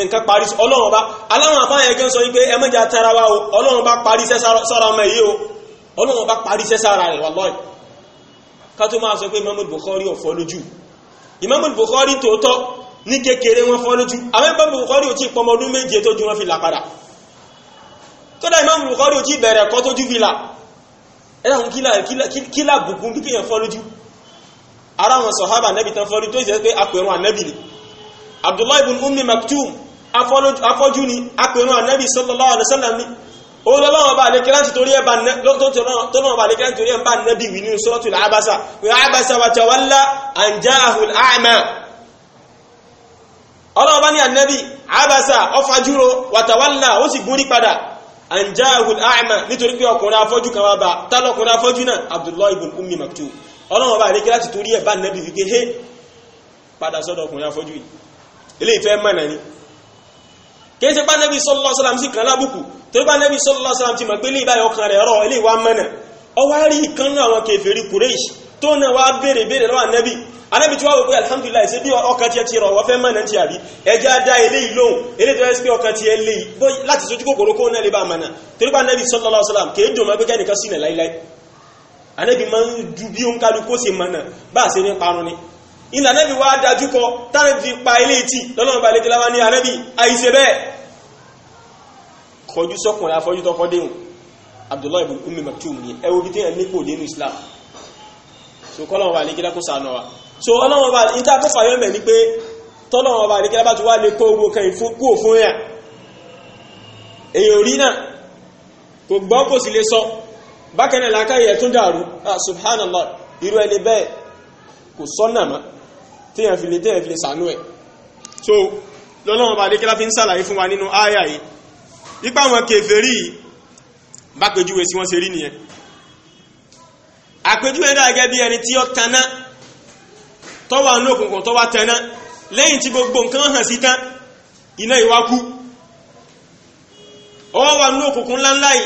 nǹkan parí ọlọ́run ọba aláwọn àbáyẹn gẹ́ sọ wípé ẹ má jẹ́ tara wa o ọlọ́run ọba parí iṣẹ́ sára ọmọ yìí o ọlọ́run ọba parí iṣẹ́ sára rẹ̀ wallahi ká tó máa sọ pé Imam Bukhari ò fọ́ lójú Imam Bukhari tòótọ́ ní kékeré wọn fọ́ lójú àwọn Imam Bukhari ò tí pọmọ ara àwọn sọ̀hábà nẹ́bì tán fọ́ lójú tó abdullahi ibn ummi maktum afọ́jú ni apẹ̀rún anabi sallallahu alaihi wasallam ni olọ́lọ́wọ́ bá lẹ́kẹ́láńtì torí ẹ̀bà tọ́lọ́wọ́ bá lẹ́kẹ́láńtì torí ẹ̀bà nẹ́bí wì nínú suratul àbásà wọ́n àbásà wa tawalla an ja'ahul a'ma ọlọ́wọ́ bá ní ànẹ́bí àbásà ọfàjúro wa tawalla ó sì gúnrí padà an ja'ahul a'ma nítorí pé ọkùnrin afọ́jú kan wá bá tálọ́kùnrin afọ́jú náà abdullahi ibn ummi maktum ọlọ́wọ́ bá lẹ́kẹ́láńtì torí ẹ̀bà nẹ́bí wì ilé ìfẹ́ mọ̀nà ni kìí ṣe bá nẹ́bí sallallahu alaihi wasallam sí kan lábùkù torí bá nẹ́bí sallallahu alaihi wasallam ti mọ̀ pé ilé ìbáyọ̀ kan rẹ̀ rọ̀ ilé ìwà mọ̀nà ọwá rí ìkan náà àwọn kèfèrí Quraysh tó náà wá béèrè béèrè lọ́wọ́ nẹ́bí anábì tí wá wò pé alhamdulillah ṣe bí ọkàn tiẹ̀ ti rọ̀ wọ́n fẹ́ mọ̀nà ti àbí ẹjẹ́ adá ilé ìlóhùn ilé tó yẹ pé ọkàn tiẹ̀ lè láti sojú kòkòrò ilẹ̀ anẹ́bí wá dájú kọ tánà fi pa ilé ìtì lọ́lọ́mọba ilé kíláwá ní anẹ́bí àìṣe bẹ́ẹ̀ kọjú sọ́kùnrin afọ́jú tọkọ déhùn Abdullahi ibn Ummi so kọ́lọ́mọba ilé kílá kó sànà so ọlọ́mọba ìta kó fàyọ́ mẹ́ ni pé tọ́lọ́mọba ilé kílá bá ti wá lè kó ogun kan kú òfin yà èèyàn rí náà kò gbọ́ kò sì lè sọ bákan tún dàrú ah subhanallah irú ẹni bẹ́ẹ̀ kò sọ́nà mọ́ téèyàn fi lè téèyàn fi lè sànú ẹ̀ so lọ́lọ́wọ́n bá dékẹ́lá fi ń sàlàyé fún wa nínú àyà yìí ipa àwọn kèfèrí bá pèjúwe sí wọ́n ṣe rí nìyẹn àpèjúwe dà gẹ́gẹ́ bí ẹni tí ó taná tó wà ní òkùnkùn tó wá tẹná lẹ́yìn tí gbogbo nǹkan hàn sí tán iná ìwá kú ó wà ní òkùnkùn ńláńláì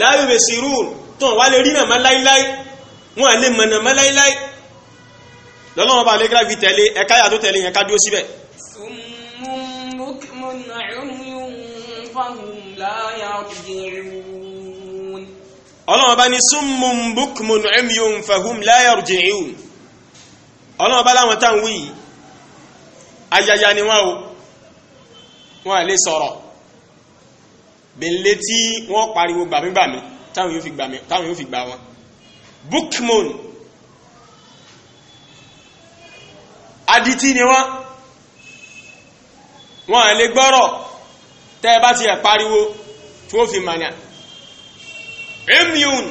láyò bèsì rúùn tó wà lè rí nàmá láíláí wọn à lè mọ̀nàmá láíláí lọ́lọ́wọ́ bá lẹ́gbẹ́ fi tẹ̀lé ẹ̀ka yà tó tẹ̀lé yẹn ká dúró síbẹ̀. ọlọ́wọ́ bá ní summun bukmun umyun fahum la yarji'un ọlọ́wọ́ bá láwọn táwọn wí ayaya ni wọ́n o wọ́n lè sọ̀rọ̀ bẹ̀lẹ̀ tí wọ́n pariwo gbàmígbàmí táwọn yóò fi gbà wọn bukmun adití ni wọ́n wọ́n lè gbọ́rọ̀ tẹ́ bá ti ẹ̀ pariwo tí ó fi mànà emiun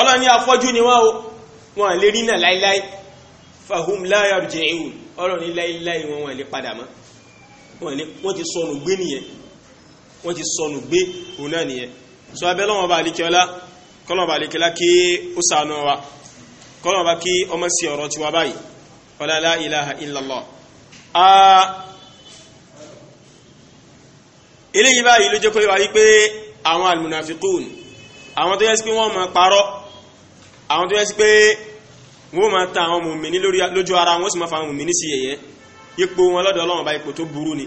ọlọ́ni afọ́jú ni wọ́n o wọ́n lè rí náà láíláí fahum láyà rùjẹ̀ ìhùn ọlọ́ni láíláí wọn wọ́n lè padà mọ́ wọ́n ti sọnù gbé nìyẹn wọ́n ti sọnù gbé òun náà nìyẹn so abẹ́lọ́wọ́n bá alikẹ́ọ́lá kọ́lọ́wọ́n bá alikẹ́ọ́lá kí ó sànú wa kọ́lọ́wọ́n bá kí ọmọ sí ọ̀rọ̀ tiwa báyìí fala la ilaha illallah eléyìí báyìí ló jẹ́ kó wá wípé àwọn almunafikun àwọn tó yẹ sí pé wọ́n máa parọ́ àwọn tó yẹ sí pé wọ́n máa ta àwọn mùmíní lójú ara wọ́n sì máa fa àwọn mùmíní sí yẹ̀yẹ́ ipò wọn lọ́dọ̀ Ọlọ́run bá ipò tó burú ni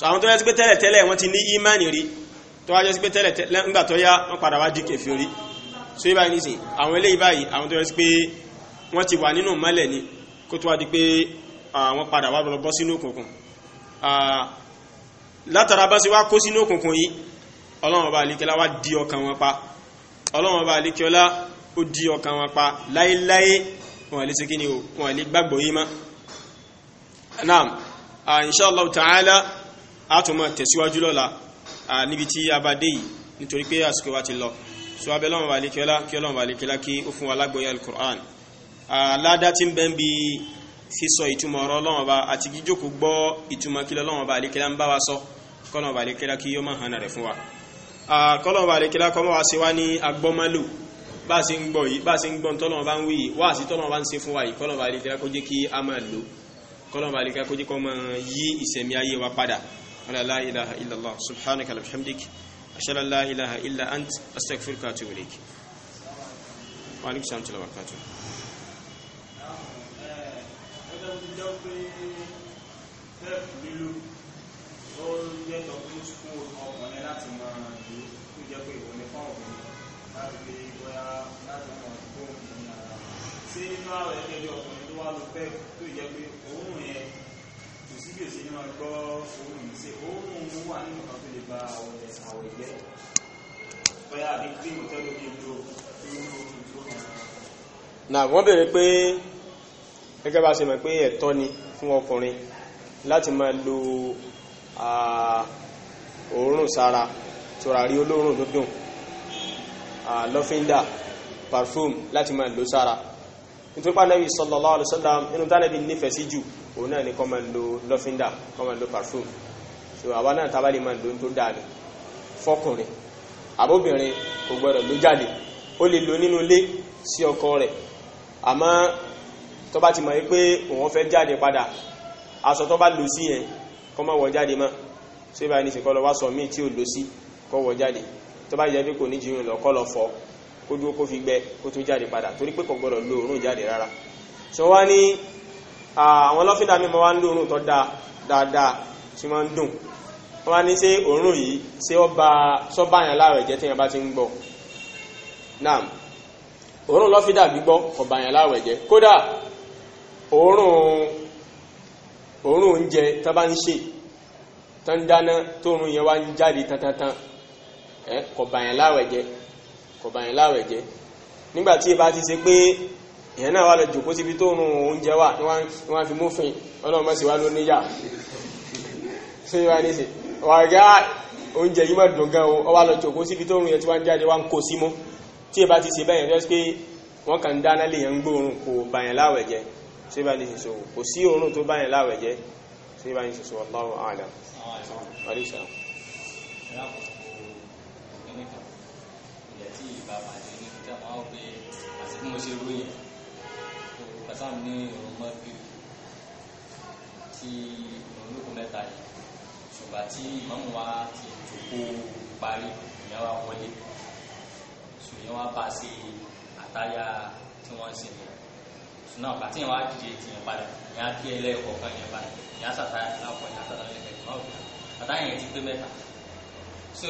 àwọn tó yẹ sí pé tẹ́lẹ̀tẹ́lẹ̀ wọ́n ti ní ìmánì rí tó wá jẹ́ sí pé tẹ́lẹ̀tẹ́lẹ̀ ńgbà tó yá wọ́n padà wá di kèfèrí so ibáyìí nìsín àwọn eléyìí báyìí àwọn tó yẹ sí pé wọ́n ti wà nínú mọ́lẹ̀ ni kó tó wá di pé àwọn padà wá lọ bọ́ sínú òkùnkùn látara bá sí wá kó sínú òkùnkùn yìí ọlọ́run ọba àlekẹ́lá wá di ọkàn wọn pa ọlọ́run ọba àlekẹ́lá ó di ọkàn wọn pa láéláé wọn lè ṣe ni o wọn lè gbàgbọ́ yìí mọ́ naam inshallah ta'ala a tún máa tẹ̀síwájú lọ́la níbi tí a bá dé yìí nítorí pé àsìkò wa ti lọ so abẹ́ ọlọ́run ọba kí ọlọ́run ọba àlekẹ́lá kí ó fún wa lágbọ́yé al-Qur'an ládá tí ń bẹ ń bi sísọ ìtumọ̀ ọ̀rọ̀ Ọlọ́run Ọba àti jíjókòó gbọ́ ìtumọ̀ kí Ọlọ́run Ọba àlékẹ́lá ń bá wa sọ kọ́lọ́run Ọba àlékẹ́lá kí yóò máa hàn rẹ̀ fún wa kọ́lọ́run Ọba àlékẹ́lá kọ́ mọ́ wa sí wa ní agbọ́mọ́lò bá a ṣe ń gbọ́ yìí bá a ṣe ń gbọ́ tọ́lọ́run Ọba ń wí yìí wá àti tọ́lọ́run Ọba ń ṣe fún wa yìí kọ́lọ́run Ọba àlékẹ́lá kó jẹ́ kí a máa lò ant astaghfiruka wa atubu ilaik wa tó ti jẹ́ pé tẹ́ẹ̀pù lílo ó jẹ́ tọ́ fún skul ọkùnrin láti máa lò ó jẹ́ pé ìwọlé fún ọkùnrin láti fi bóyá láti mọ̀ tó ń fi ara ṣé inú àwọn ẹgbẹ́ bí ọkùnrin tó wá lo tẹ́ẹ̀pù tó jẹ́ pé òórùn yẹn kò sí bí òsì ní máa gbọ́ òórùn yìí ṣe òórùn wà nínú kan tó lè ba àwọ̀ ẹ̀jẹ̀ bóyá àbí kí mọ̀tẹ́lómi lo nínú ìjọba. nà wọ́n bèrè pé gẹ́gẹ́ bá ṣe mọ̀ pé ẹ̀tọ́ ni fún ọkùnrin láti máa lo òórùn sára tùràrí olóòórùn dúndùn lọ́fíndà parfum láti máa lo sára nítorí pé Ànábì sallallahu alaihi wasallam inú tánàbí nífẹ̀ẹ́ sí jù òun náà ni kó máa lo lọ́fíndà kó máa lo parfum so àwa náà tábà lè máa lo tó dáadé fọkùnrin àbóbìnrin kò gbọdọ̀ ló jáde ó lè lo nínú ilé sí ọkọ rẹ̀ àmọ́ tó bá ti mọ̀ wípé òun fẹ́ jáde padà aṣọ tó bá lò sí yẹn kó má wọ̀ jáde mọ́ ṣé báyìí ní ìsìnkọ́ lọ wá sọ míì tí ò lò sí kó wọ̀ jáde tó bá jẹ́ pé kò ní jiyàn lọ kó lọ fọ kó dúró kó fi gbẹ kó tó jáde padà torí pé kò gbọdọ̀ lo òórùn jáde rárá so wá ní àwọn lọ́fíńdà mi máa ń lo òórùn tó dáadáa tí wọ́n ń dùn wọ́n wá ní ṣé òórùn yìí ṣé ó ba sọ́bàyàn láàrẹ̀ jẹ́ téèyàn bá ti ń gbọ́ òórùn lọ́fíńdà gbígbọ́ ọ̀bàyàn láàrẹ̀ jẹ́ kódà òórùn oúnjẹ tán bá ń ṣe tán dáná tóòrùn yẹn wá ń jáde tantantan ẹ kò bàyàn láwẹ̀ jẹ́ nígbàtí ìbá ti ṣe pé náà wà lọ jòkó síbi tóòrùn oúnjẹ wà ní wọ́n fi mófin ọlọ́mọ sí wá ló níyà sí wá ní sí wàgá ah, oúnjẹ yìí má o ọwá lọ jòkó síbi tóòrùn yẹn tí wọ́n jáde wá ń kó símú tí ìbá ti ṣe bẹ́yẹn rẹ́ pé wọ́n kàn dáná lè yẹn ń kò bàyàn ṣe bá ní ṣe so kò sí òórùn tó báyìí láwẹ̀ jẹ́ ṣe bá ní ṣe so Allahu a'lam tí olóko mẹ́ta yìí ṣùgbà tí ìmọ̀mù wa ti jòkó parí ìyẹn wa wọlé ṣùgbọ́n wa bá ṣe àtàyà tí wọ́n ń ṣe yẹn náà bàtí yẹn wá dìde tì yẹn padà yẹn á kí ẹlẹ́ẹ̀kọ́ kan yẹn padà yẹn á sàtà náà pọ̀ yẹn á sàtà lẹ́kẹ̀ẹ́ náà pọ̀ àtà yẹn ti pé mẹ́ta so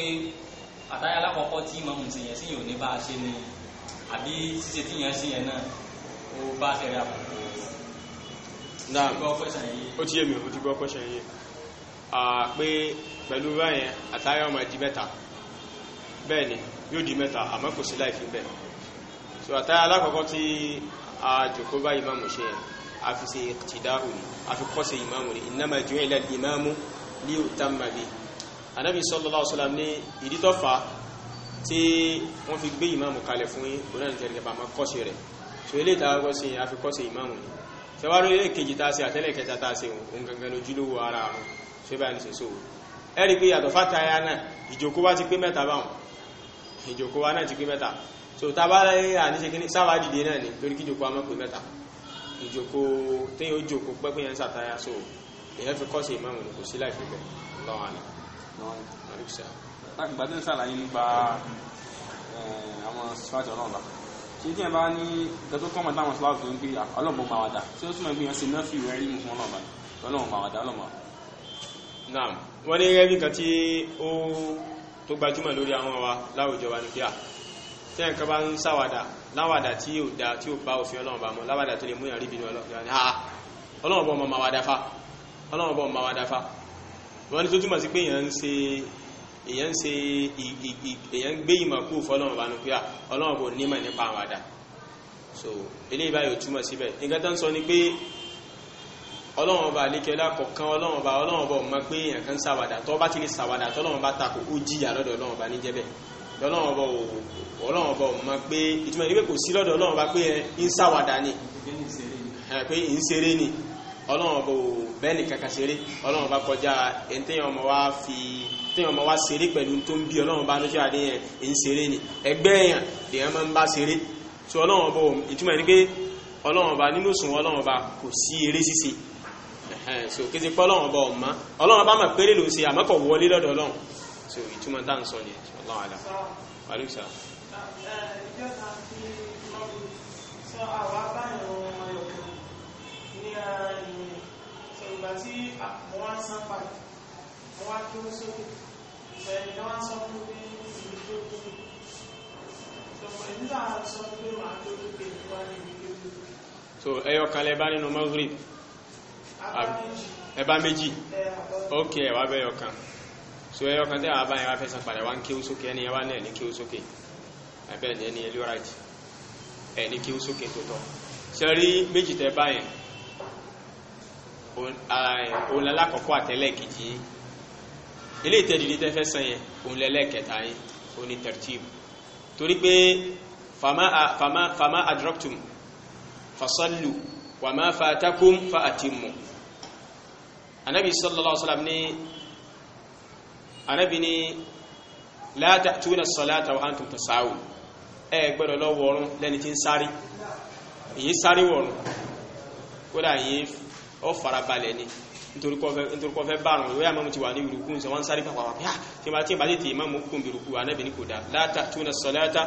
àtà yẹn alákọ̀ọ́kọ́ tí màmú ti yẹn sí yẹn ò ní bá a ṣe ni àbí ṣíṣe tí yẹn sí yẹn náà ó bá a ṣẹlẹ̀ àbùkù. náà ó ti yé mi ó ti gbọ́ kọ́ṣẹ́ yìí pé pẹ̀lú báyẹn àtà yẹn máa di mẹ́ta bẹ́ẹ̀ ni yóò di mẹ́ta àmọ́ kò sí láì fi bẹ́ẹ̀ so àtà yẹn alákọ̀ọ́kọ́ tí àjòkó bá ìmáàmù ṣe yẹn àfi ṣe ìtìdáhù ni àfi kọ́sẹ̀ ìmáàmù ni innama ju'ila al-imamu li yutamma bi anábì sallallahu alaihi wasallam ní ìdítọ́fà tí wọ́n fi gbé ìmáàmù kalẹ̀ fún yín òun náà nìkẹ́rẹ́ bàmá kọ́sẹ̀ rẹ̀ tó ilé ìta kọ́sẹ̀ yẹn àfi kọ́sẹ̀ ìmáàmù ni tẹwàá lórí èkejì tá a ṣe àtẹ́lẹ̀ kẹta tá a ṣe òun gangan ojúlówó ara àrùn ṣé báyìí ní ṣe sóò ẹ̀rí pé yàtọ̀ fátayá náà ìjòkó wá ti pé mẹ́ta báwọn ìjòkó wá náà ti pé mẹ́ta so tábàlá àníṣe kí ní sáwà dìde náà ni lórí kí ìjòkó amọ́pẹ́ mẹ́ta ìjòkó téyàn ó jòkó pẹ́pẹ́ yẹn sàtáyà so èyàn fi kọ́sì ìmáàmù ní kò sí láì fi bẹ̀ lọ́wọ́ àná. láti gbàdúrà sàlàyé nípa eh, àwọn síwájú ọlọ́run bá ṣé tí ẹ bá ní ìdájọ́ kọ́mọ̀ táwọn síwájú ń gbé ọlọ́mọ máa wàdà tí ó túnmọ̀ gbìyànjú náà fi ìwé rí mu fún ọlọ́run bá ọlọ́run máa wàdà ọlọ́run máa. naam wọ́n ní rẹ́bí kan tí ó tó gbajúmọ̀ lórí àwọn wa láwùjọ wa ní pé à ah, tí ẹ̀kan bá ń ṣàwàdà láwàdà tí yóò da tí o bá òfin ọlọ́run bá mọ́ láwàdà tó lè mú ìyàrí ìbínú ọlọ́run bọ́ ma wàdà ọlọ́run ma ọlọ́run so ni ọba àlékẹ́lá ọlọ́run ọba ọlọ́run ọba pé èèyàn kan bá ti lè tọ́lọ́run bá takò ó lọ́dọ̀ ọlọ́run ọlọ́run ọba ò ọlọ́run ọba ò mọ̀ pé ìtumọ̀ ní pé kò sí lọ́dọ̀ ọlọ́run ọba pé ń ṣàwàdà ni pé ń ṣeré ni ọlọ́run ọba ò bẹ́ẹ̀ nìkan kan ṣeré ọlọ́run ọba kọjá ẹni téèyàn ọmọ wa ṣeré pẹ̀lú tó ń bí ọlọ́run ọba lóṣù àdé ń ṣeré ni ẹgbẹ́ èèyàn lèèyàn máa ń bá ṣeré so ọlọ́run ọba ò ìtumọ̀ ní pé ọlọ́run ọba nínú sùn ọlọ́run ọba kò sí eré ṣíṣe so kí ti pọ́ ọlọ́run ọba ọ̀ mọ́ ọlọ́run ọba mọ̀ péré ló ń ṣe àmọ́kọ̀ wọlé lọ́dọ̀ ọlọ́run so ìtumọ̀ tá ń sọ ní ọlọ́run àdá alúsà ìgbà tí àwọn wá ń sán pàdé àwọn wá kí ó sókè ìṣẹ̀lẹ̀ ni wọ́n sọ fún bí ìlú tó kú ìjọba ìlú àwọn sọ pé màá tó lókè ìwà ní ìlú tó kú. so ẹyọ kalẹ̀ bá nínú Maghrib ẹbá méjì ok ẹwà bẹyọ kan so ẹyọ kan tẹ́ àwọn abáyẹn wá fẹ́ san padà wá ń kí ó sókè ẹni yẹn wá náà ní kí ó sókè abẹ́rẹ́ ní ẹni ẹlú ráìtì ẹ̀ ní kí ó sókè tó tọ́ ṣe rí méjì tẹ́ báyẹn òun lálákọ̀ọ́kọ́ àtẹ́lẹ̀ kejì yín ilé ìtẹ́dìdí tẹ́ fẹ́ san yẹn òun lẹ́lẹ́kẹta yín òun ni tertib torí pé fama fama fama adrọ́ptum fasallu wàmá anabi sallallahu alaihi ní anábì ní la ta'tuna salata wa antum tasa'un ẹ gbọ́dọ̀ lọ wọ̀run lẹ́ni tí ń sáré èyí sáré wọ̀run kódà yìí ọ farabalẹ̀ ni nítorí kò fẹ́ bá àrùn ìwéyà mọ́mú ti wà ní ìrùkú ìṣẹ́ wọ́n sáré pàpàpà pé kí ah, n bá tí n bá tètè mọ́mú kùn ìrùkú anábì ní kò dá la ta'tuna salata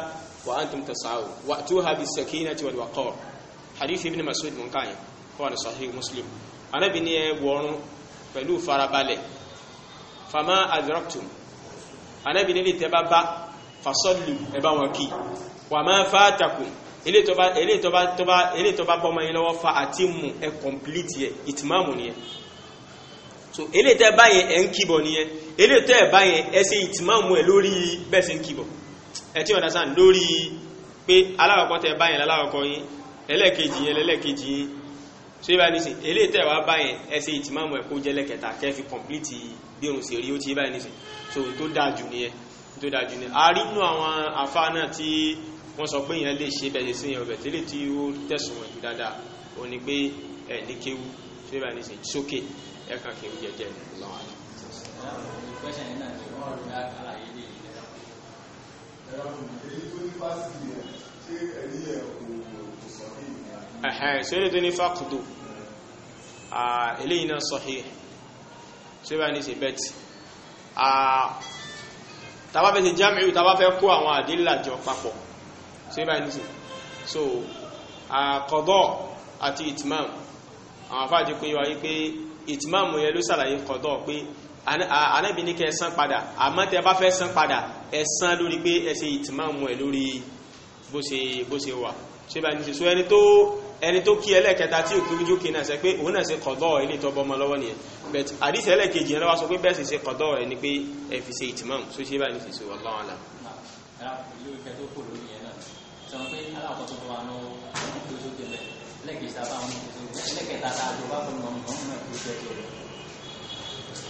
wa antum tasa'un wa'tuha bis-sakinati fama adraktum anábì nílé tẹ́ bá bá fasọ́lù ẹ bá wọn kí wà máa fàátàkùn ilé tó bá bọ́mọ yín lọ́wọ́ fa àti mú ẹ kọ̀mplìtì ẹ ìtìmáàmù nìyẹn so ilé tẹ́ báyẹn ẹ ń kíbọ̀ nìyẹn ilé tẹ́ báyẹn ẹ ṣe ìtìmáàmù ẹ lórí bẹ́ẹ̀ sí ń kíbọ̀ ẹ tí wọ́n dá sáà lórí pé aláwọ̀kọ́ tẹ́ báyẹn láláwọ̀kọ́ yín ẹlẹ́ẹ̀kejì yẹn lẹ́lẹ́ẹ̀kejì yín so ibà nísìn ilé tẹ́ wá báyẹn ẹ ṣe ìtìmáàmù ẹ kó jẹ́ lẹ́kẹta kẹ́ fi kọ̀mplìtì bí irun ṣe rí ó ti báyìí nísìn so tó dáa jù nìyẹn tó dáa jù nìyẹn a rí inú àwọn afá náà tí wọ́n sọ pé èèyàn lè ṣe bẹ́ẹ̀ sí èèyàn ọbẹ̀ tẹ́lẹ̀ tí ó tẹ̀sùn wọn jù dáadáa ó ní pé ẹ̀ ní kéwu tó báyìí nísìn sókè ẹ̀ kàn jẹjẹ lọ́wọ́ àná. ẹ̀hẹ̀ ṣe é lè tó ní fàkùdù eléyìí náà sọ̀hí ṣé báyìí ní ṣe bet tàbá fẹ́ ṣe jamiu tàbá fẹ́ kó àwọn àdílà jọ papọ̀ ṣé báyìí ní ṣe so kọ̀dọ̀ àti itmam àwọn afáàjì pé wáyé pé itmam yẹn ló ṣàlàyé kọ̀dọ̀ pé Ànábì ní kẹ́ san padà àmọ́ tẹ́ bá fẹ́ san padà ẹ san lórí pé ẹ ṣe itmam ẹ lórí bó ṣe wà ṣé báyìí ní ṣe so ẹni tó ẹni tó kí ẹlẹ́kẹta tí òkú ojú kí náà sẹ pé òun náà ṣe kọ̀dọ̀ ilé tọ́ bọ́mọ lọ́wọ́ nìyẹn but àdìsí ẹlẹ́kejì yẹn lọ́wọ́ sọ pé bẹ́ẹ̀ sì ṣe kọ̀dọ̀ rẹ̀ ni pé ẹ fi ṣe ìtìmọ̀ so ṣe báyìí fi ṣe wallahu alam.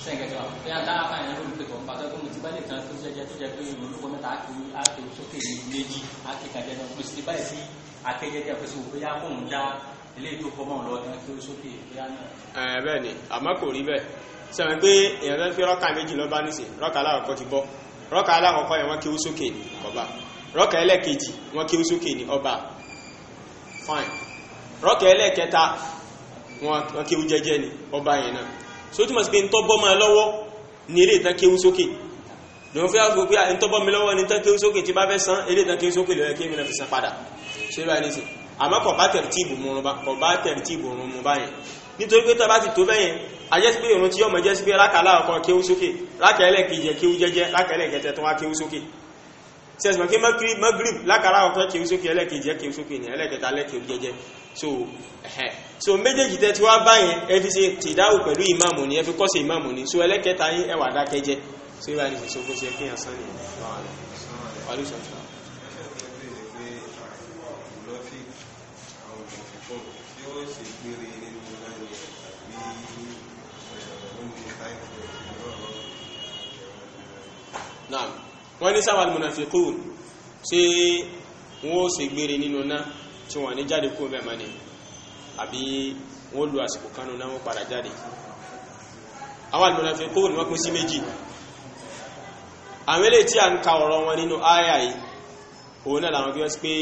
sẹ́ńkẹ̀tọ̀ bí a dáa báyìí ló ń pè kọ́ pàtó kó mo ti bá lè tán tó jẹjẹ tó jẹ pé ìrònú kọ́ mẹ́ta á kiri á kiri sókè ní méjì á kiri kàjẹ́ náà mo sì ti báyìí sí akẹ́jẹ́ tẹ́ fẹ́ sí bóyá kò ń dá ilé tó kọ́ mọ́ lọ tán kí ó sókè bóyá náà. ẹ bẹ́ẹ̀ ni àmọ́ kò rí bẹ́ẹ̀ sọ̀rọ̀ pé èèyàn fẹ́ fi rọ́kà méjì lọ́ba nísìn rọ́kà alákọ̀ọ́kọ́ ti bọ́ rọ́kà alákọ̀ọ́kọ́ yẹn wọ́n kí ó sókè ní ọba rọ́kà ẹlẹ́ẹ̀kejì wọ́n kí ó sókè ní ọba fine rọ́kà ẹlẹ́ẹ̀kẹta wọ́n kí ó jẹ́jẹ́ ní ọba yẹn náà so túmọ̀ sí pé ń tọ́bọ́ máa lọ́wọ́ ní eré ìtàn kí ó sókè lòun fẹ́ fún pé ń tọ́bọ́ mi lọ́wọ́ ní ìtàn kí ó sókè tí bá fẹ́ san eré ìtàn kí ó sókè lọ́yẹ kí èmi náà fi san padà ṣe bá ní sìn àmọ́ kò bá tẹ̀rì tíìbù mu kò bá tẹ̀rì tíìbù rún mu báyẹn nítorí pé tó bá ti tó bẹ́yẹn ajẹ́sí pé ìrún tí yọmọ jẹ́sí pé rákàlá ọ̀kan kéwú sókè rákàlẹ̀ kejì kéwú jẹ́jẹ́ rákàlẹ̀ kẹtẹ tó wá kéwú sókè sẹ́sìmọ̀ kí magrib lákàrá ọ̀tọ́ kéwú sókè ẹlẹ́kejì kéwú sókè ní ẹlẹ́kẹta lẹ́kẹ̀ẹ́ jẹ́jẹ́ so ẹ̀hẹ́ so méjèèjì tẹ́ tí wá báyẹn ẹ fi ṣe tìdáhù pẹ̀lú ìmáàmù ni ẹ fi kọ́sẹ̀ ìmáàmù ni so ẹlẹ́kẹta yín ẹwà dákẹ́jẹ́ so ìbáraẹnisẹ̀ so bó ṣe kéèyàn sán ni wàhálà wàhálà péré nínú lẹ́yìn bí oúnjẹ káìpẹ́ náà wọ́n ní sáwà almunafiqun ṣé wọ́n ó ṣe gbére nínú náà tí wọ́n ní jáde kó mẹ́mọ́ ni àbí wọ́n lu àsìkò kánú náà wọ́n padà jáde àwọn almunafiqun wọ́n pín sí méjì àwọn eléyìí tí a ń ka ọ̀rọ̀ wọn nínú ááyà yìí òun náà làwọn bí wọ́n ti pé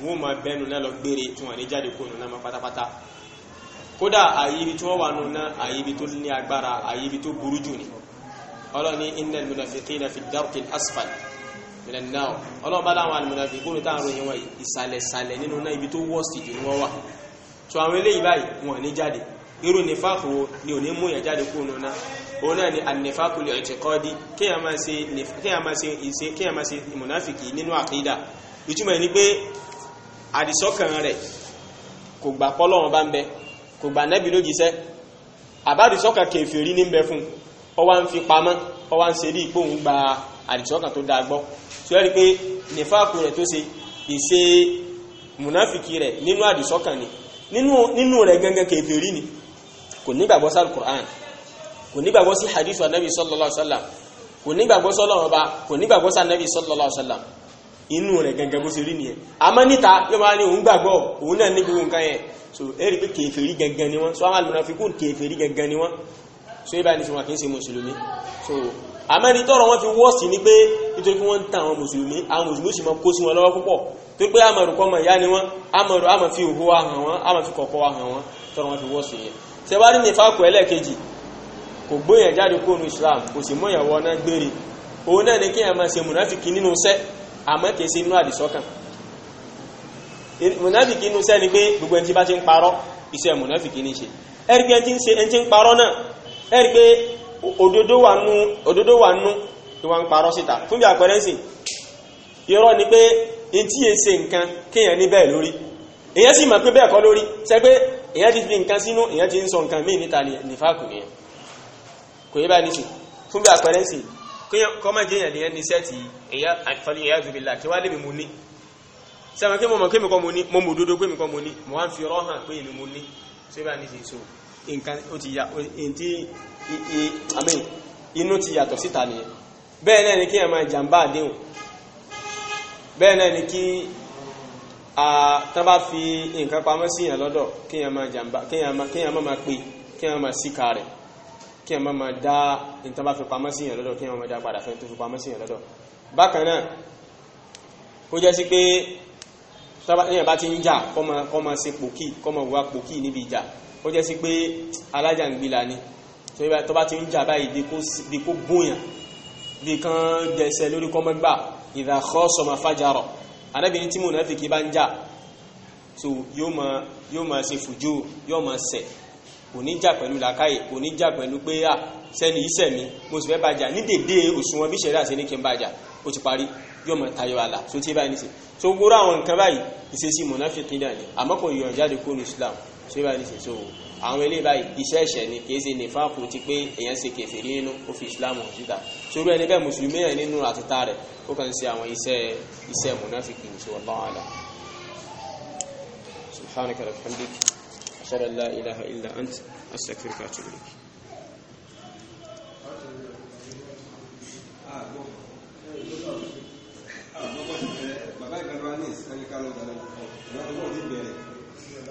wọ́n ma bẹ́nu náà lọ gbére tí wọ́n ní jáde kó nù náà pátápátá kódà àyíbi tí wọ́n wà nù náà àyíbi tó ní agbára àyíbi tó burú jù ní ọlọ́ni innal munafiqina fi darkil asfal minan nar ọlọ́run bá láwọn almunafiqun tá àrùn yẹn wọ́n ìsàlẹ̀sàlẹ̀ nínú náà ibi tó wọ́ọ̀sì jù ni wọ́n wà tó àwọn eléyìí báyìí wọ́n ní jáde irú nífàkù wo ni ò ní mú yẹn jáde kó nù náà òun náà ni ànífàkù lè ọ̀tẹ̀ kọ́ di kéèyàn máa ṣe ìmunafiki nínú àkídà ìtumọ̀ ni pé àdìsọ́kàn rẹ̀ kò gbà pọ́lọ́run bá ń bẹ kò gbà nẹ́bí lójíṣẹ́ àbádìsọ́kàn kèfèrí ní ń bẹ fún ọ wá ń fi pamọ́ ọ wá ń ṣe bí ipò ń gba àdìsọ́kàn tó dáa gbọ́ tó yẹ́rí pé nífàkù rẹ̀ tó ṣe ìṣe mùnáfìkì rẹ̀ nínú àdìsọ́kàn ni nínú rẹ̀ gangan kèfèrí ni kò nígbàgbọ́ sí alukur'an kò nígbàgbọ́ sí hadith anabi sallallahu alaihi wasallam kò nígbàgbọ́ sọ́lọ́run ọba kò nígbàgbọ́ sí anabi sallallahu alaihi wasallam inú rẹ̀ gẹ́gẹ́ bó ṣe rí nìyẹn àmọ́ níta yóò máa ní òun gbàgbọ́ òun náà ní gbogbo nǹkan yẹn so ẹ́rì pé kèfèrí gẹ́gẹ́ ni wọ́n so àwọn alùmọ̀fikún kèfèrí gẹ́gẹ́ ni wọ́n so ibà ní ṣùgbọ́n kìí ṣe mùsùlùmí so àmọ́ ní tọ́rọ wọn fi wọ́ọ̀sì ni pé nítorí pé wọ́n ń ta àwọn mùsùlùmí àwọn mùsùlùmí sì máa kó sí wọn lọ́wọ́ púpọ̀ tó pé àmọ̀rù kọ́mọ̀ ìyá ni wọ́n àmọ̀rù àmọ̀ fi òhó wa hàn wọ́n àmọ̀ fi kọ̀kọ́ wa hàn tọ́rọ wọn fi wọ́ọ̀sì yẹn ṣẹwárí ní fákò ẹlẹ́ẹ̀kejì kò gbóyàn jáde kóònù Islam kò sì mọ̀yàn wọ́n náà gbére òun náà ni kéèyàn máa ṣe mùnáfìkì nínú iṣẹ́ àmọ́ kìí ṣe inú àdìsọ́kàn mùnáfìkì inú sẹ́ni pé gbogbo ẹni tí bá ti ń parọ́ iṣẹ́ mùnáfìkì ní ṣe ẹ̀rí pé ẹni tí ń parọ́ náà ẹ̀rí pé òdodo wà nú òdodo wà nú tí wọ́n ń parọ́ síta fún bí àpẹẹrẹ sí irọ́ ni pé n tí yẹn ṣe nǹkan kéèyàn ní bẹ́ẹ̀ lórí èyàn sì mọ̀ pé bẹ́ẹ̀ kọ́ lórí ṣe pé èyàn ti fi nǹkan sínú èyàn ti ń sọ nǹkan míì níta nífàkù kò yẹ báyìí nísìn fún bí àpẹẹrẹ sí kọ́mọ̀ jẹ́yàn lè ẹni sẹ́ẹ̀tì ìyáfàlì ìyáfìbìlà kí wá lè mi mú ní sẹ́wọ̀n kí mo mọ̀ kí mi kọ́ mo ní mo mọ̀ dúdú pé mi kọ́ mo ní mo wá ń fi rọ́hàn pé mi ya ntí àmì inú ti yàtọ̀ síta nìyẹn bẹ́ẹ̀ náà ni kí ẹ máa jàǹbá àdéhùn bẹ́ẹ̀ náà ni kí tán bá fi nǹkan pamọ́ kí ẹmọ ma dá ìtàn bá fi pamọ́ sí yàn lọ́dọ̀ kí ẹmọ ma dá padà fẹ́ tó fi pamọ́ sí yàn lọ́dọ̀ bákan náà ó jẹ́ sí pé tọ́bàtíyàn bá ti ń jà kọ́mọ sí pòkì kọ́mọ wà pòkì níbi ìjà ó jẹ́ sí pé alájà ń gbìlà ni tó bá ti ń jà báyìí bí kó bóyàn bí kan gẹ̀ẹ́sẹ̀ lórí kọ́mọ́gbà ìdá khasama fajara anábìnrin tí mò náà kò ní jà pẹ̀lú làkàyè kò ní jà pẹ̀lú pé à sẹ́ni iṣẹ́ mi mo sì fẹ́ bàjà ní dèdè òṣùwọ̀n bí ṣẹ̀dá sí ní kí n bàjà ó ti parí yóò mọ̀ tayọ àlà tó tí báyìí nìsí tó gbóró àwọn nǹkan báyìí ìṣesí mọ̀náfíkì náà ni àmọ́ kò yọ̀ jáde kó ní Islam tó báyìí nìsí so àwọn ilé báyìí iṣẹ́ ẹ̀ṣẹ̀ ni kì í ṣe nìfàkù ti pé èèyàn ṣe kèfèrí nínú ó fi Islam síta sórú ẹni bẹ́ẹ̀ mùsùlùmí ẹ̀ nínú àtúntà rẹ̀ ó kàn ṣe àwọn iṣẹ́ iṣẹ́ mọ̀náfíkì ní sọ ọlọ́run àlà subhanaka rabbil hamdik أشهد أن لا إله إلا أنت أستغفرك وأتوب إليك ah, Bàbá eh, ìgbàlúwà ní ìsìnkú kálọ̀ ìdánilẹ́kọ̀ọ́, ìwádìí wọ́n ti bẹ̀rẹ̀.